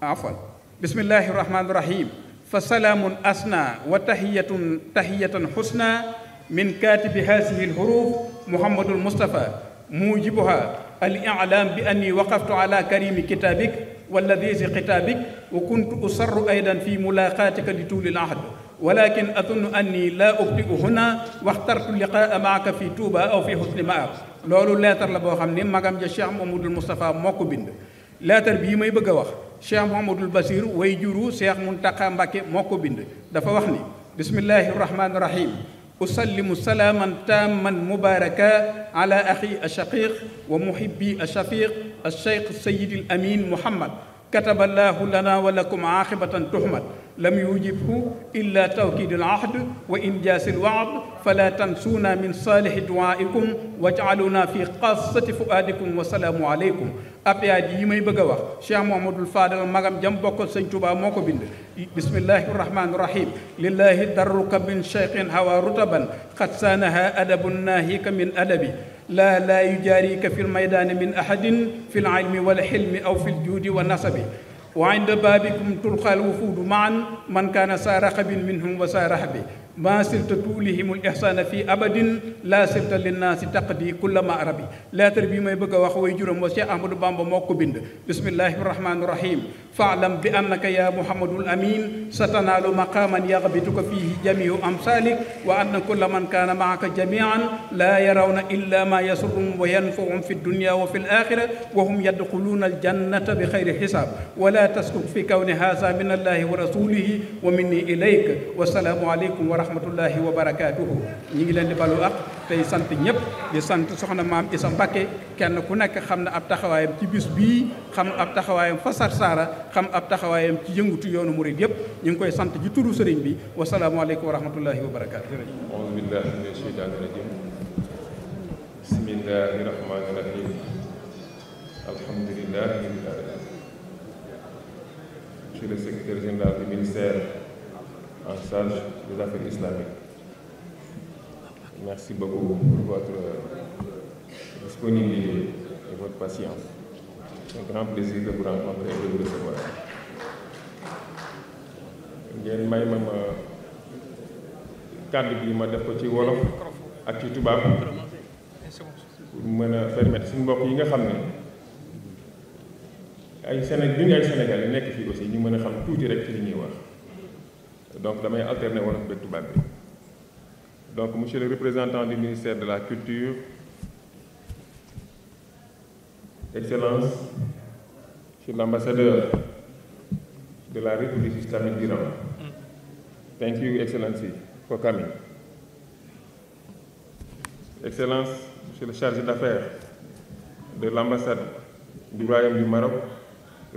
[SPEAKER 9] afan bismillahi rahmaani rahim fa salaamun asna wa tahiyatun tahiyatan husna min katibi hadihi lhuruf muhammadul mustafa mujibuha al i'lam bi anni waqaftu ala karimi kitabik wa ladizi kitabik wa kuntu usarru aydan fi mulaqatika li tuuli l ahd walakin azunnu anni laa ubdi'u huna waxtartu liqaa maaka fi Touba aw fi husni maab loolu leetar la boo xam ne magam ja Cheikh Mamadou Moustapha moo ko bind leetar bii may bëgg a wax cheikh Mouhamadul Basir way juru cheikh Muntaqa Mbacke moo ko bind dafa wax ni bismillahi rahmaani rahim usallimu salaaman taamman mubaaraka ala axi ashaqiq wa muhibbi ashafiq asheikh sayidi al amin muhammad kataba llaahu lana wa lakum aaqibatan tuhmat lam yujibhu illa tawkiidul ahd wa injaasil waad fala tansuuna min saalihi duaaikum wajcaluna fi qaasati fuaadikum wa salaamu aleykum abiyaat yi may bëgg a wax cheikh mohamadul fadal magam jam bokkal sëñ Tuubaa moo ko bind bismillahi rahmaani rahim lillahi darruka min cheikhin hawa rutaban xad saanaha adabun naahika min adabi laa laa yujaarika fi lmaydaani min ahadin fi lilmi wal xilmi aw fi ljuudi wa nasabi wa inda baabikum tulqal wufuudu maan man kaana saa raxabin minhum wa saa raxabi maa sirta tuulihimul ihsaana fii abadin laa sirta linnaasi taqdi kulla ma arabi lettre bi may bëgg a wax way juróom wa Cheikh Ahmadou Bamba moo ko bind bismillahi rahmaani rahim faalam bi annaka ya muhammadul amin sa tanaalu maqaaman yaxbituka fiihi jamiu amsaalik wa anna kulla man kaana maaka jamian laa yarawna illa maa yasurum wa yanfahum fi dunya wa fi alaxira wa hum yadxuluuna aljannata bi xayri xisaab wala taskuk fi kawni haasa min allahi wa rasulihi wa minni ilayk wasalaamu aleykum wa rahmatullahi wa barakatuhu ñi ngi leen di balu ak tey sant ñëpp di sant soxna maam Isa Mbakke kenn ku nekk xam na ab taxawaayam ci bis bii xam ab taxawaayam fa Sarsara xam ab taxawaayam ci yëngutu yoonu murid yépp ñu ngi koy sant ci turu sëriñ bi wasalaamaaleykum wa rahmatullahi wa barakaatu. auzu billaahi mina sheytaani rajiim bismillaahi rahmaani rahiim alhamdulillaahi rabbil
[SPEAKER 10] aalamiin du ministère en Merci beaucoup pour votre
[SPEAKER 8] euh,
[SPEAKER 10] disponibilité et votre patience. C'est un grand plaisir de vous rencontrer et de vous recevoir. ngeen may ma ma kàddu bi ma def ko ci wolof ak ci tubaab pour
[SPEAKER 7] mën a permettre suñu mbokk yi nga xam ne
[SPEAKER 4] ay
[SPEAKER 10] Sénégal duñu ay Sénégal yi nekk fii aussi ñu mën a xam tuuti rek ci li ñuy wax donc damay alterner wolof beeg tubaab bi. Donc, monsieur le représentant du ministère de la Culture, Excellence, monsieur l'ambassadeur de la République islamique d'Iran, thank you, Excellency, for coming. Excellence, monsieur le chargé d'affaires de l'ambassade du Royaume du Maroc,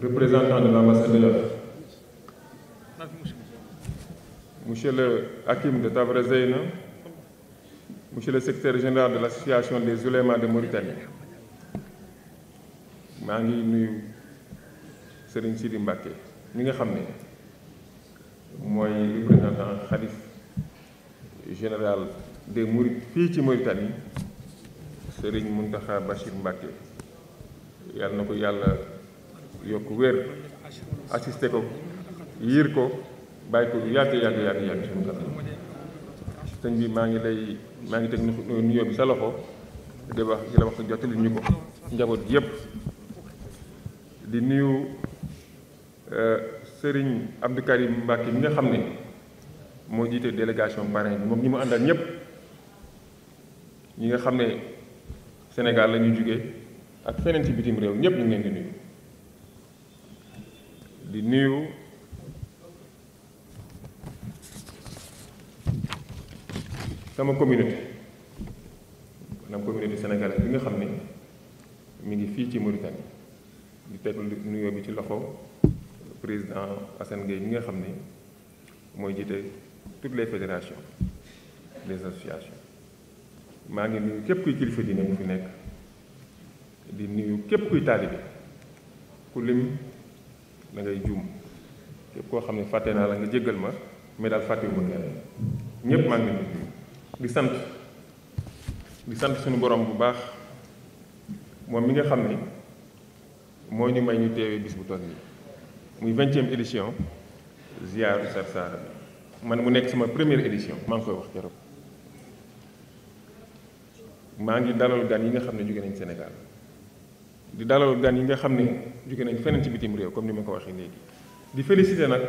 [SPEAKER 10] représentant de l'ambassadeur, monsieur le Hakim de Tavrezeyna, monsieur le secrétaire général de l'association des oulémas de Mauritanie maa ngi nuyu Serigne Sidi Mbacké mi nga xam ne mooy li représentant xalif général des Mourides fii ci Mauritanie Serigne Mountakha Bachir Mbacké yàlla na ko yàlla yokk wér assisté ko yiir ko bàyyi ko yàgg yàgg yàgg yàgg suñu kanam sëñ bi maa ngi lay maa ngi teg nuyoo bi sa loxo di wax di la wax jottali ñu ko njaboot yépp di nuyu euh, sëriñ Abdou Karim Mbacke mi nga xam ne moo jiite délégation parrain bi moom ñi mu àndal ñëpp ñi nga xam ne Sénégal la ñu jugee ak feneen ci bitim réew ñëpp ñu ngi leen di nuyu di nuyu. sama communauté maanaam communauté sénégalaise bi nga xam ni mi ngi fii ci Mauritanie di teg nuyoo bi ci loxo président Assane Gueye mi nga xam ni mooy jiite toutes les fédérations les associations maa ngi nuyu képp kuy kilifa diine bu fi nekk di nuyu képp kuy taalibe ku lim da ngay képp koo xam ne fàtte naa la nga jéggal ma mais daal fàttewuma kenn ñëpp maa ngi nuyu. di sant di sant suñu borom bu baax moom mi nga xam ni moo ñu may ñu teewee bis bu toll nii muy vingtième édition ziaru Sarsara bi man mu nekk sama première édition maa ngi koy wax keroog maa ngi dalal gan yi nga xam ne jóge nañ Sénégal di dalal gan yi nga xam ne jóge nañ feneen ci bitim réew comme ni ma ko waxee léegi di féliciter nag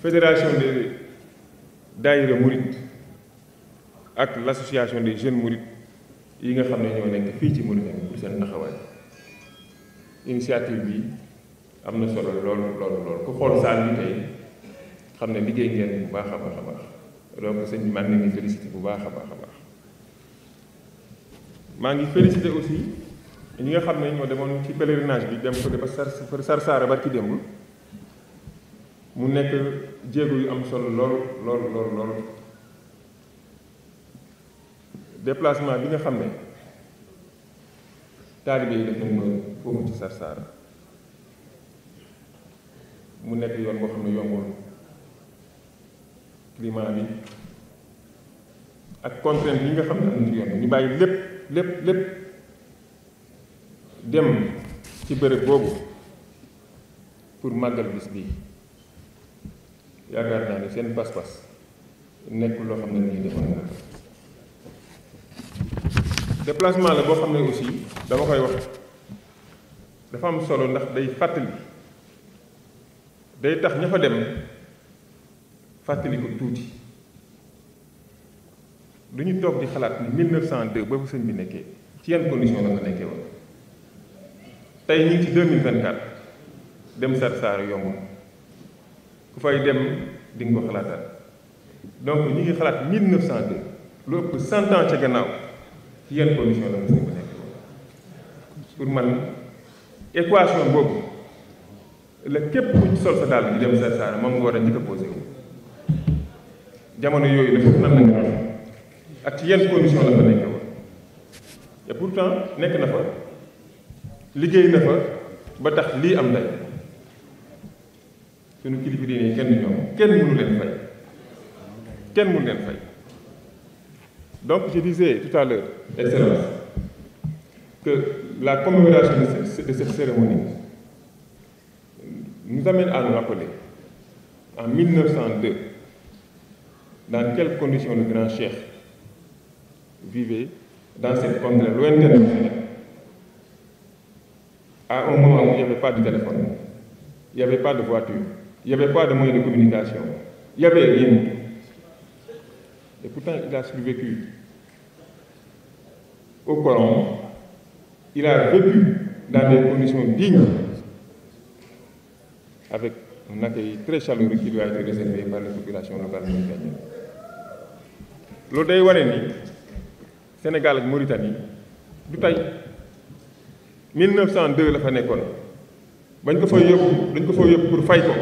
[SPEAKER 10] fédération de daayira Mouride. ak lassociation association des jeunes mourides yi nga xam ne ñoo nekk fii ci Mauritanie pour seen taxawaay initiative bi am na solo loolu loolu loolu ku xool saal bi tey xam ne liggéey ngeen bu baax a baax a baax donc sëñ bi maa ngi leen bu baax a baax a baax maa ngi félicité aussi ñi nga xam ne ñoo demoon ci pèlerinage bi dem ko de ba sar Sarsara ba ci démb mu nekk jéego yu am solo lool lool lool lool. déplacement bi nga xam ne taalibe yi def nañ ko foofu ci Sarsara mu nekk yoon boo xam ne yombul climat bi ak contrainte yi nga xam ne am na yoon ñu bàyyi lépp lépp lépp dem ci bërëb boobu pour màggal bis bii yaakaar naa ni seen paspas pas nekkul loo xam ne nii defoon naa déplacement la boo xam ne aussi dama koy wax dafa am solo ndax day fàttali day tax ña fa dem fàttali ko tuuti du ñu toog di xalaat ni 1902 ba sëñ bi nekkee ci yan condition la nga nekkee woon tey ñu ngi ci 2024 dem Sarsara yomb ku fay dem di nga ko xalaataat donc ñu ngi xalaat 1902 lu ëpp 100 ans ca gannaaw. ci yan condition la mos ko nekk pour man équation boobu la képp ku sol sa daal di dem sa saana moom nga war a njëkk a jamono yooyu la foofu nan la nga ak ci yan condition la fa nekk woon et pourtant nekk na fa liggéey na fa ba tax lii am tey suñu kilifa diine kenn ñoom kenn mënu leen fay kenn mënu leen fay Donc, je disais tout à l'heure, Excellence, que la commémoration de cette cérémonie nous amène à nous rappeler en 1902 dans quelles conditions le grand chef vivait dans cette contrée lointaine à un moment où il n'y avait pas de téléphone, il n'y avait pas de voiture, il n'y avait pas de moyens de communication, il n'y avait rien pourtant il a survécu au colon. Il a vécu dans des conditions dignes, avec un très chaleureux qui lui a été réservé par les populations locales mauritaniennes. loolu day wane ni Sénégal ak Mauritanie du tey la fa nekkoon bañ ko fa yóbbu dañ ko fa yóbbu pour fay ko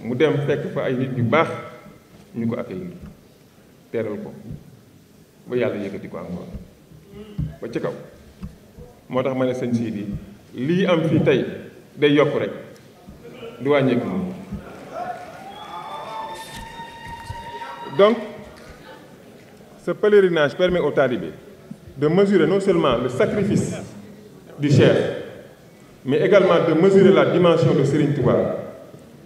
[SPEAKER 10] mu dem fekk fa ay nit yu baax. ñu ko accueillir teeral ko ba yàlla yëkkati ko ak ngoon ba ci kaw moo tax ma ne sëñ bi lii am fii tey day yokk rek du wàññeeku moom donc ce pèlerinage permet aux talibés de mesurer non seulement le sacrifice du cher mais également de mesurer la dimension de Serigne Touba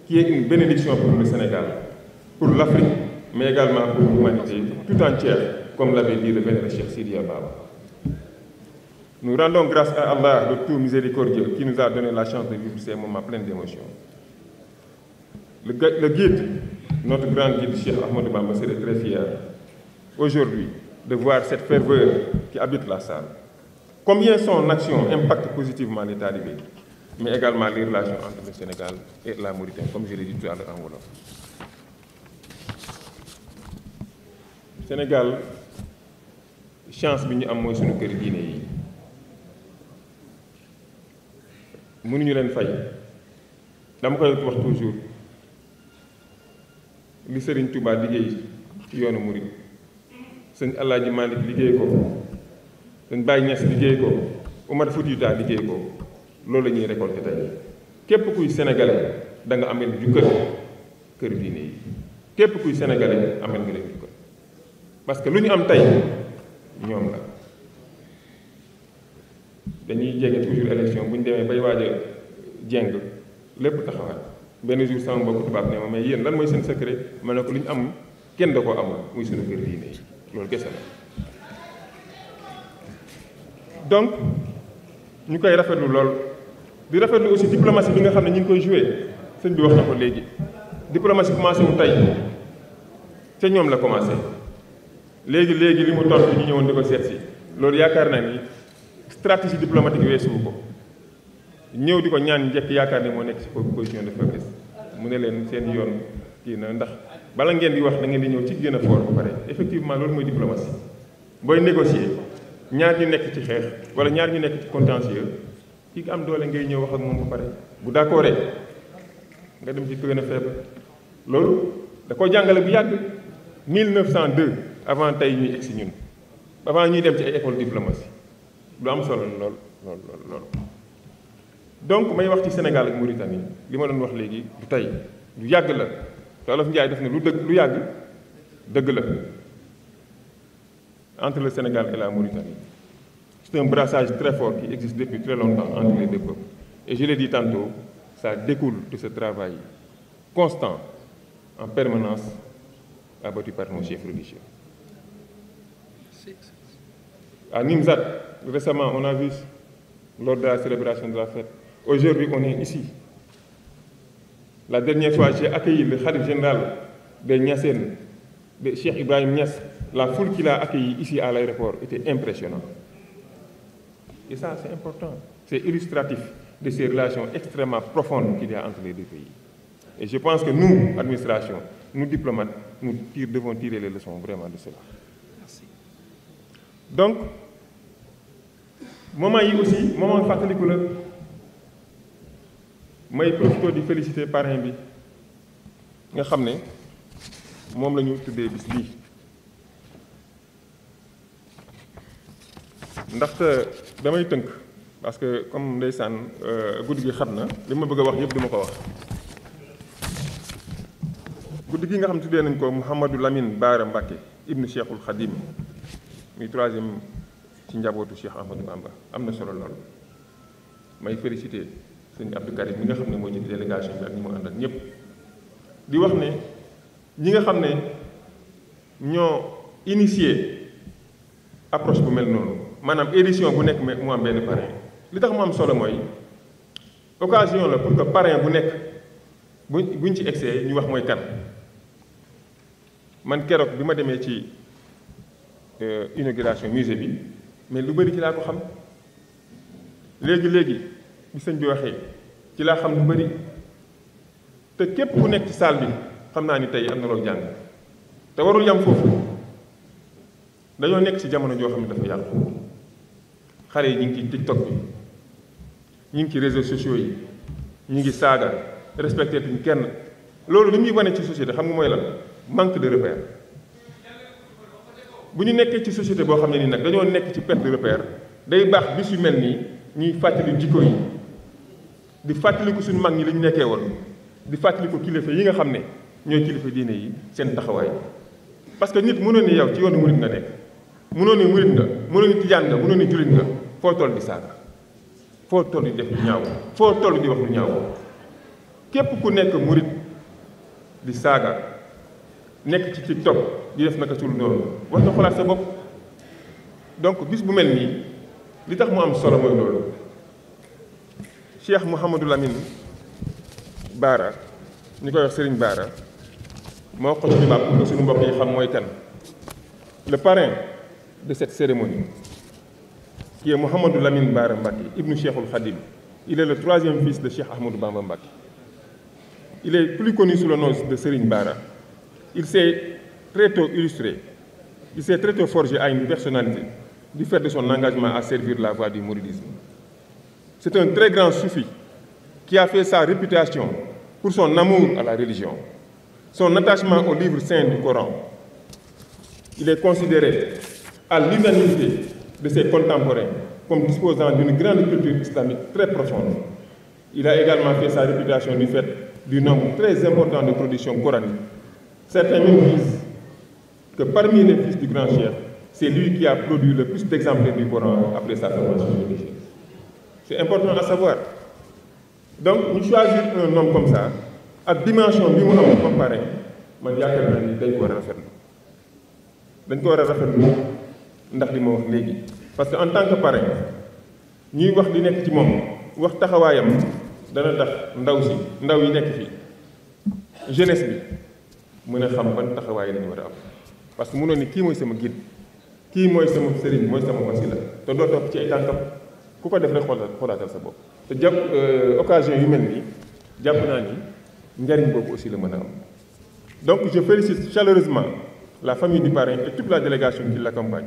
[SPEAKER 10] qui est une bénédiction pour le Sénégal pour l'Afrique, mais également pour l'humanité tout entière, comme l'avait dit le vénéré Cheikh Sidi Baba. Nous rendons grâce à Allah, le tout qui nous a donné la chance de vivre ces moments pleins d'émotions. Le, guide, notre grand guide, Cheikh Ahmed Bamba, serait très fier aujourd'hui de voir cette ferveur qui habite la salle. Combien son action impacte positivement l'état du mais également les relations entre le Sénégal et la Mauritanie, comme je Sénégal chance bi ñu am mooy suñu kër diine yi mënuñu leen fay dama koy wax toujours li Serigne Touba liggéey ci yoonu murid sëñ Alaaji Malick liggéey ko sëñ Baye Niass liggéey ko Omar Foutiyou Tall liggéey ko loolu la ñuy récolté tey képp kuy sénégalais danga nga amel ju kër diine yi képp kuy sénégalais amel nga leen parce que lu ñu am tey ñoom la dañuy jege toujours élection bu ñu demee bay waaj a jeng lépp taxawaat benn jour sama mbokku tubaab ne ma mais yéen lan mooy seen secret man ne ko lu ñu am kenn da ko amul muy suñu kër diine loolu kese la donc ñu koy rafetlu lool di rafetlu aussi diplomatie bi nga xam ne ñu ngi koy joué sëñ bi wax na ko léegi diplomatie commencé wu tey ca ñoom la commencé léegi léegi li mu tontu ñu ñëwoon di ko seet si loolu yaakaar naa ni stratégie diplomatique weesuwu ko ñëw di ko ñaan njëkk yaakaar ne moo nekk si position de faiblesse mu ne leen seen yoon kii na ndax bala ngeen di wax da ngeen di ñëw ci gën a fort ba pare effectivement loolu mooy diplomatie booy négocier ñaar ñu nekk ci xeex wala ñaar ñu nekk ci contentieux kii am doole ngay ñëw wax ak moom ba pare bu d'accord nga dem ci gën a faible loolu da ko jàngale bu yàgg avant tey ñuy egg si ñun avant ñuy dem ci ay école diplomatie lu am solo lool lool lool lool. donc may wax ci Sénégal ak Mauritanie li ma doon wax léegi du tey lu yàgg la te Olof Njaay def na lu dëgg lu yàgg dëgg la entre le Sénégal et la Mauritanie c'est un brassage très fort qui existe depuis très longtemps entre les deux peuples et je l'ai dit tantôt ça de ce travail constant en permanence abattu par nos à Nimzat, récemment, on a vu lors de la célébration de la fête. Aujourd'hui, on est ici. La dernière fois, j'ai accueilli le Khalif général de Niasen, de Cheikh Ibrahim Nias. La foule qu'il a accueillie ici à l'aéroport était impressionnante. Et ça, c'est important. C'est illustratif de ces relations extrêmement profondes qu'il y a entre les deux pays. Et je pense que nous, administration, nous, diplomates, nous devons tirer les leçons vraiment de cela. Merci. moment yi aussi moment ku la may profité di féliciter parrain bi nga xam ne moom la ñu tuddee bis bii ndax damay tënk parce que comme ndeysaan euh, guddi gi xam na li ma bëgg a wax yëpp duma ko wax guddi gi nga xam tuddee nañ ko Mouhamadou Lamine Baara Mbacké ibnu Cheikhul Khadim muy troisième ci njabootu Cheikh Ahmadou Bamba am na solo lool may félicité sëñ Abdou Karim mi nga xam ne moo jiite délégation bi ak ñi mu àndal ñëpp di wax ne ñi nga xam ne ñoo initié approche bu mel noonu maanaam édition bu nekk mu am benn parrain li tax mu am solo mooy occasion la pour que parrain bu nekk bu buñ ci excès ñu wax mooy kan man keroog bi ma demee ci euh, inauguration musée bi mais lu bëri ci laa ko xam léegi léegi bi sëñ bi waxee ci laa xam lu bëri te képp ku nekk ci salle bi xam naa ni tey am na loolu jàng te warul yam foofu dañoo nekk ci jamono joo xam ne dafa yàqu xale yi ñu ngi ci tiktok bi ñu ngi ci réseaux sociaux yi ñu ngi saaga respecté tuñ kenn loolu li muy wane ci société xam nga mooy lan manque de repère. bu ñu nekkee ci société boo xam ne nii nag dañoo nekk ci perte de repère day baax bis yu mel nii ñuy fàttali jikko yi di fàttaliku suñu mag ñi lañu nekkee woon di fàttaliku kilifa yi nga xam ne ñooy kilifa diine yi seen taxawaay parce que nit mënoon ni yow ci yoonu murit nga nekk mënoon ni murit nga mënoon ni tijaan nga mënoon ni julit nga foo toll di saaga foo toll di def lu ñaaw foo toll di wax lu ñaaw képp ku nekk murit di saaga nekk ci ci topp di def war nga xalaat sa bopp donc bis bu mel nii li tax mu am solo mooy loolu Cheikh Mouhamadou Lamine Baara ñu koy wax sëriñ Baara moo ko ci bàpp nga suñu mbokk yi xam mooy kan le parrain de cette cérémonie qui est Mouhamadou Lamine Baara Mbacké ibnu Cheikhul Khadim il est le fils de Cheikh Ahmadou Bamba Mbacké il est plus connu sous le nom de Serigne Bara. Il s'est très illustré Il s'est très tôt forgé à une personnalité du fait de son engagement à servir la voie du mouridisme. C'est un très grand soufi qui a fait sa réputation pour son amour à la religion, son attachement au livre saint du Coran. Il est considéré à l'unanimité de ses contemporains comme disposant d'une grande culture islamique très profonde. Il a également fait sa réputation du fait du nombre très important de production coraniques. Certains même que parmi les fils du grand chef, c'est lui qui a produit le plus d'exemplaires du Coran après sa formation religieuse. C'est important à savoir. Donc, ñu comme ça ak dimension bi mu am comme pare man yaakaar naa ni dañ ko war a rafetlu dañ ko war a rafetlu ndax li ma wax léegi. parce que en tant que pare ñuy wax di nekk ci moom wax taxawaayam dana tax ndaw si ndaw yi nekk fii jeunesse bi mën a xam ban taxawaay lañu war a am. parce que mënoon ni kii mooy sama guide kii mooy sama sëriñ mooy sama wasila te doo ci ay tànkam ku ko def rek xoolal xoolaatal sa bopp te jàpp euh, occasion yu mel nii jàpp naa ni njariñ boobu aussi la mën a am donc je félicite chaleureusement la famille du parrain et toute la délégation qui l'accompagne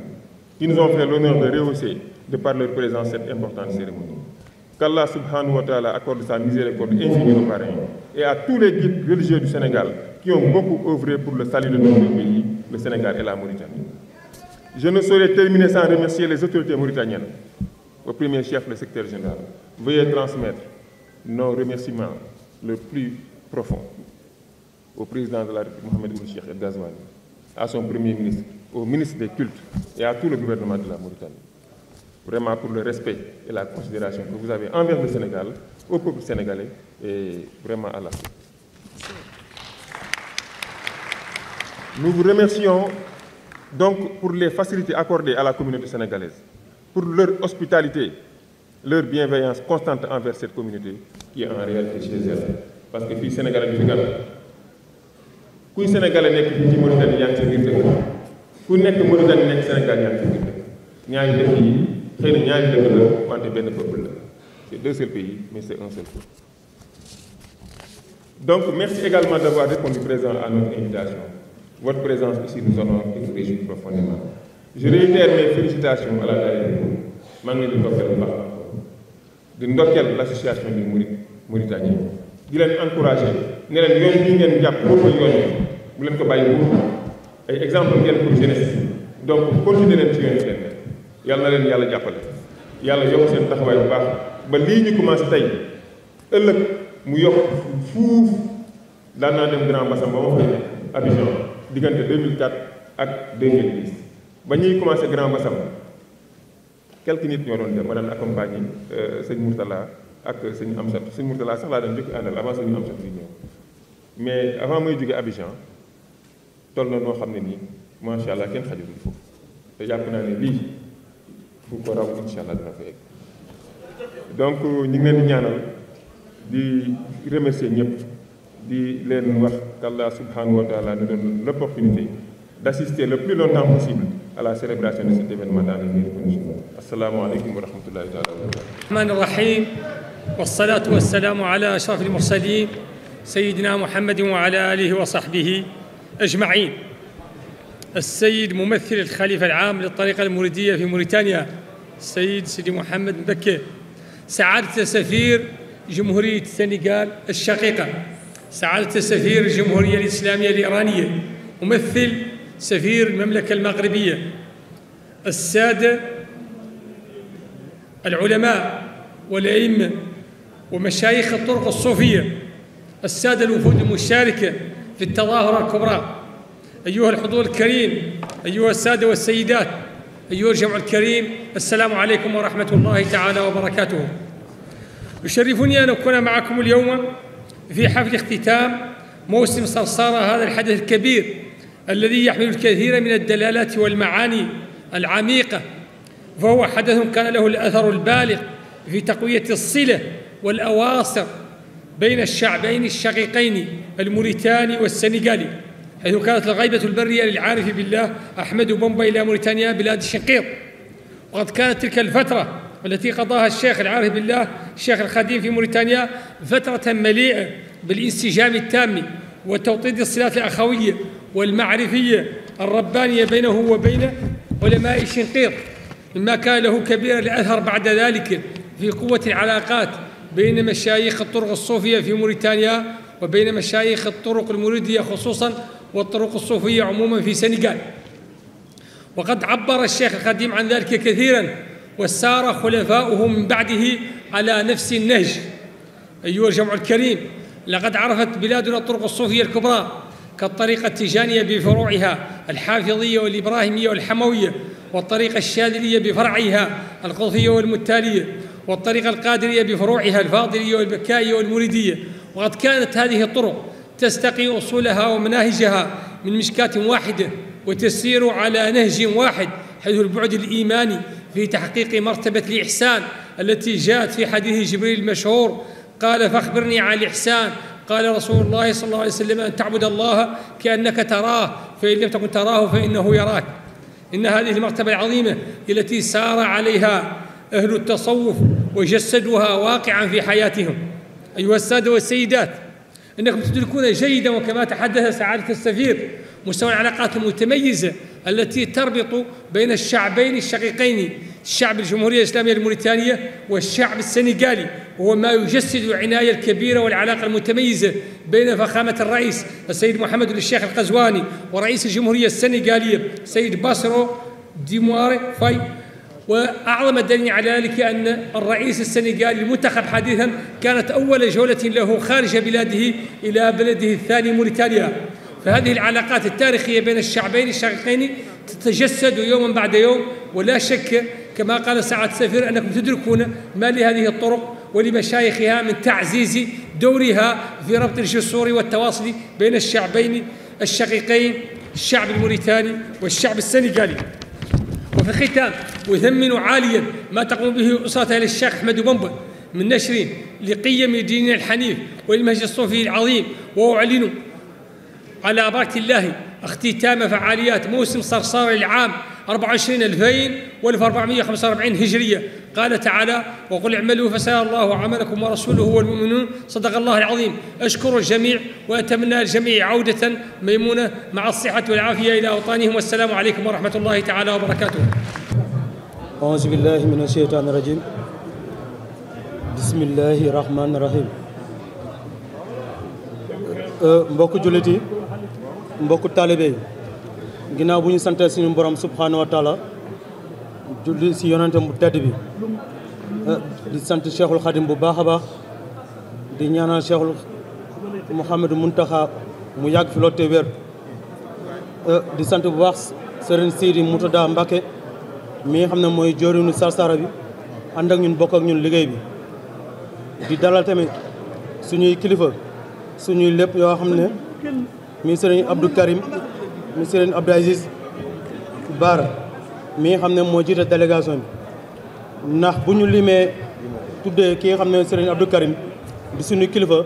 [SPEAKER 10] qui nous ont fait l'honneur de rehausser de par leur présence cette importante cérémonie qu'Allah subhanahu wa ta'ala accorde sa miséricorde infinie au du Sénégal qui pour le salut le Sénégal et la Mauritanie. Je ne saurais terminer sans remercier les autorités mauritaniennes, au premier chef le secteur général. Veuillez transmettre nos remerciements le plus profond au président de la République, Mohamed Mounchir El Gazouani, à son premier ministre, au ministre des Cultes et à tout le gouvernement de la Mauritanie. Vraiment pour le respect et la considération que vous avez envers le Sénégal, au peuple sénégalais et vraiment à l'Afrique. Nous vous remercions donc pour les facilités accordées à la communauté sénégalaise, pour leur hospitalité, leur bienveillance constante envers cette communauté qui est en réalité chez elle. Parce que fii Sénégal bi fi gan kuy Sénégalais nekk ci Mauritanie yaa ngi sa biir dëkk ku nekk Mauritanie nekk Sénégal yaa ngi sa biir dëkk ñaari dëkk yi xëy na ñaari la wante benn peuple la c'est deux seuls pays mais c'est un seul peuple. Donc merci également d'avoir répondu présent Votre présence ici nous honore et nous réjouit profondément. Je réitère mes félicitations à la daayira maa ngi leen di ndokkeel bu baax di ndokkeel l' association du Maurit Mauritanie di leen encourage ne leen yoon bii ngeen jàpp boobu yoon yi bu leen ko bàyyi wóor ay exemple ngeen pour jeunesse donc continuer leen ci yoon seen yàlla na leen yàlla jàppale yàlla yokk seen taxawaay bu baax ba lii ñu commencé tey ëllëg mu yokk fuuf daan naa dem Grand Bassam ba ma diggante 2004 ak 2010 ba ñuy commencé Grand Bassam quelques nit ñoo doon dem ma daan accompagner euh, sëñ Mourtala ak sëñ Amsat sëñ Mourtala sax laa doon jëkk àndal avant sëñ Amsat di ñëw mais avant mooy jóge Abidjan toll na noo xam ne nii macha allah kenn xajul foofu te jàpp naa ne lii fu ko raw incha allah dina fa egg donc ñu ngi leen ñaanal di remercier ñëpp. di leen wax qu'Allah subhanahu wa ta'ala nous donne l'opportunité d'assister le plus longtemps possible à la célébration de cet événement dans les meilleures conditions. Assalamu alaykum wa rahmatullahi ta'ala wa barakatuh.
[SPEAKER 11] Rahman ar-Rahim was-salatu was-salamu ala ashrafil mursalin sayyidina Muhammadin wa ala alihi wa sahbihi ajma'in. السيد ممثل الخليفة العام للطريقة المريدية في موريتانيا السيد سيدي محمد مبكي سعادة سفير جمهورية السنغال الشقيقة سعادة السفير الجمهورية الإسلامية الإيرانية ممثل سفير المملكة المغربية السادة العلماء والأئمة ومشايخ الطرق الصوفية السادة الوفود المشاركة في التظاهرة الكبرى أيها الحضور الكريم أيها السادة والسيدات أيها الجمع الكريم السلام عليكم ورحمة الله تعالى وبركاته يشرفني أن أكون معكم اليوم في حفل اختتام موسم صرصارة هذا الحدث الكبير الذي يحمل الكثير من الدلالات والمعاني العميقة فهو حدث كان له الأثر البالغ في تقوية الصلة والأواصر بين الشعبين الشقيقين الموريتاني والسنغالي حيث كانت الغيبة البرية للعارف بالله أحمد بومبا إلى موريتانيا بلاد الشنقيط وقد كانت تلك الفترة والتي قضاها الشيخ العارف بالله الشيخ الخديم في موريتانيا فترة مليئة بالانسجام التام وتوطيد الصلات الأخوية والمعرفية الربانية بينه وبين علماء الشنقيط مما كان له كبير الأثر بعد ذلك في قوة العلاقات بين مشايخ الطرق الصوفية في موريتانيا وبين مشايخ الطرق المريدية خصوصا والطرق الصوفية عموما في سنغال وقد عبر الشيخ الخديم عن ذلك كثيرا وسار خلفاؤه من بعده على نفس النهج أيها الجمع الكريم لقد عرفت بلادنا الطرق الصوفية الكبرى كالطريقة التيجانية بفروعها الحافظية والإبراهيمية والحموية والطريقة الشاذلية بفرعها القوفية والمتالية والطريقة القادرية بفروعها الفاضلية والبكائية والمريدية وقد كانت هذه الطرق تستقي أصولها ومناهجها من مشكاة واحدة وتسير على نهج واحد حيث البعد الإيماني في تحقيق مرتبة الإحسان التي جاءت في حديث جبريل المشهور قال فاخبرني عن الإحسان قال رسول الله صلى الله عليه وسلم أن تعبد الله كأنك تراه فإن لم تكن تراه فإنه يراك إن هذه المرتبة العظيمة التي سار عليها أهل التصوف وجسدوها واقعا في حياتهم أيها السادة والسيدات أنكم تدركون جيدا وكما تحدث سعادة السفير مستوى العلاقات المتميزة التي تربط بين الشعبين الشقيقين الشعب الجمهورية الإسلامية الموريتانية والشعب السنغالي وهو ما يجسد العناية الكبيرة والعلاقة المتميزة بين فخامة الرئيس السيد محمد الشيخ القزواني ورئيس الجمهورية السنغالية السيد باسرو ديمواري فاي وأعظم دليل على ذلك أن الرئيس السنغالي المنتخب حديثا كانت أول جولة له خارج بلاده إلى بلده الثاني موريتانيا فهذه العلاقات التاريخية بين الشعبين الشقيقين تتجسد يوما بعد يوم ولا شك كما قال سعادة السفير أنكم تدركون ما لهذه الطرق ولمشايخها من تعزيز دورها في ربط الجسور والتواصل بين الشعبين الشقيقين الشعب الموريتاني والشعب السنغالي وفي الختام أثمن عاليا ما تقوم به أسرة للشيخ أحمد بنبل من نشر لقيم ديننا الحنيف والمهج الصوفي العظيم وأعلن على بركة الله اختتام فعاليات موسم صرصار العام 24 2445 هجرية قال تعالى وقل اعملوا فسيرى الله عملكم ورسوله والمؤمنون صدق الله العظيم أشكر الجميع وأتمنى الجميع عودة ميمونة مع الصحة والعافية إلى أوطانهم والسلام عليكم ورحمة الله تعالى وبركاته
[SPEAKER 12] أعوذ بالله من الشيطان الرجيم بسم الله الرحمن الرحيم mbokk jullit yi mbokk taalibe yi ginnaaw bu ñu santee suñu borom subhaanahu wa taala julli si yonente bu tedd bi eh, di sant cheikhul xadim bu baax a baax di ñaanal cheikhul mouhamadou muntaxa mu yàgg fi lool eh, di sant bu baax sëriñ Sidi Moutada Mbacke mi nga xam ne mooy joriñu sarsara bi ànd ñun bokk ak ñun liggéey bi di dalal tamit suñuy kilifa suñuy lépp yoo xam ne mi sëriñ Abdou Karim mi Serigne Abdou Aziz Baar mi nga xam ne moo jiite délégation bi ndax bu ñu limee tuddee ki nga xam ne Serigne Abdou Karim di suñu kilifa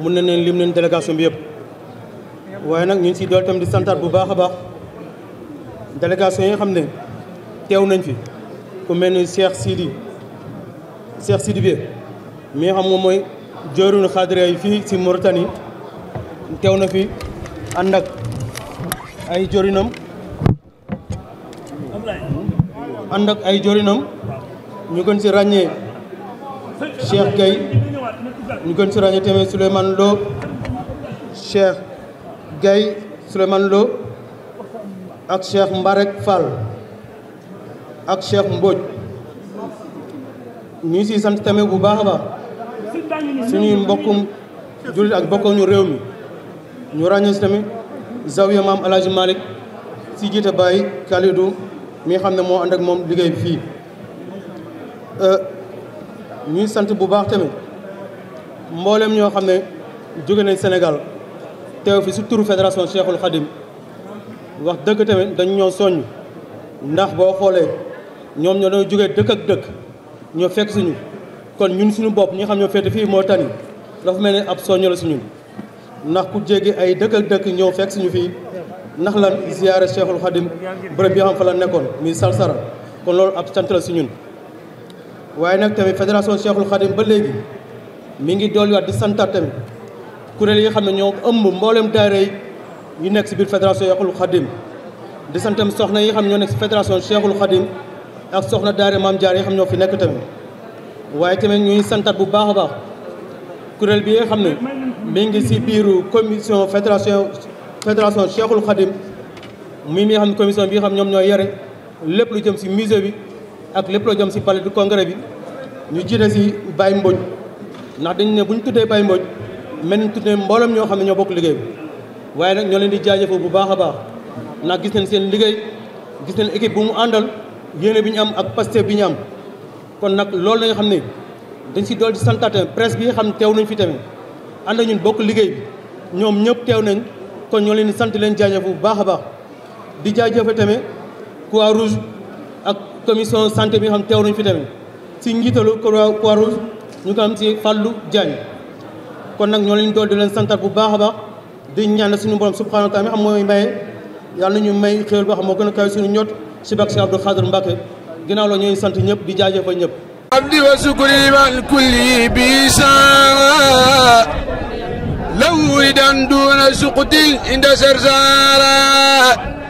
[SPEAKER 12] mun na neen lim nañ délégation bi yëpp waaye nag ñu ngi si dool tam di santaat bu baax a baax délégation yi nga xam ne teew nañ fi ku mel ni Cheikh Sidi Cheikh Sidi bi mi nga xam moom mooy jooruñu xaadira yi fii si Mauritanie teew na fi ànd ay jorinoom ànd ak ay jorinoom ñu gën si ràññee Cheikh Gueye ñu gën si ràññee tamit Souleymane Lo Cheikh Gueye Souleymane Lo ak Cheikh Mbarek Fall ak Cheikh Mbodj ñu ngi siy sant tamit bu baax a baax
[SPEAKER 5] suñuy mbokkum
[SPEAKER 12] jullit ak bokkuñu réew mi ñu ràññee si tamit zawiya maam alaaji malik si jiite Baye Kalidou mi nga xam ne moo ànd ak moom liggéey bi fii euh, ñuy sant bu baax tamit mbooleem ñoo xam ne jóge nañ Sénégal teew fi si turu fédération Cheikhul Khadim wax dëkk tamit dañ ñoo soññ ndax boo xoolee ñoom ñoo doon jógee dëkk ak dëkk ñoo fekk suñu kon ñun suñu bopp ñu nga xam ñoo féete fii moo tani dafa mel ne ab soññ la si ñun ndax ku jéggi ay dëkk dëkk ñëw fekk suñu fi ndax lan ziyaare Cheikhul Khadim bërëb bi xam fa la nekkoon muy Sarsara kon loolu ab cant si ñun waaye nag tamit fédération Cheikhul Khadim ba léegi mi ngi dolliwaat di santaat kuréel yi xam ne ñoo ëmb mboolem daayira ñu nekk si biir fédération Cheikhul Khadim di santam soxna yi nga xam ne ñoo nekk si fédération Cheikhul Khadim ak soxna daayira Maam Jaar yi xam ñoo fi nekk tamit waaye tamit ñuy santaat bu baax a baax kuréel bi nga xam ne mi ngi si biiru commission fédération fédération Cheikhul Khadim muy mi xam ne commission bi nga xam ñoom ñoo yore lépp lu jëm si musée bi ak lépp loo jëm si palais du congrès bi ñu jiite si Baye Mbodj ndax dañ ne bu ñu tuddee Baye Mbodj mel ni tuddee mboolam ñoo xam ne ñoo bokk liggéey bi waaye nag ñoo leen di jaaja jaajëfoo bu baax a baax ndax gis nañ seen liggéey gis nañ équipe bu mu àndal yéene bi ñu am ak pasteur bi ñu am kon nag loolu la xam ne dañ ci dool di santaat presse bi xam teew nañu fi tamit ànd ñun bokk liggéey bi ñoom ñëpp teew nañ kon ñoo leen di sant leen jaajëf bu baax a baax di jaajëfe tamit croix rouge ak commission santé bi nga xam teew nañ fi tamit si njiitalu croix rouge ñu ko am si Fallou Diagne kon nag ñoo leen dool di leen santaat bu baax a baax di ñaan suñu borom subhanahu wa taala xam mooy maye yàlla ñu may xéwal boo xam moo gën a kaw suñu ñot si bak si Abdou Khadre Mbacké sant ñëpp di jaajëfal ñëpp abdi wa sukri wal kulli bisa
[SPEAKER 5] law ridan duna suqti inda sarsara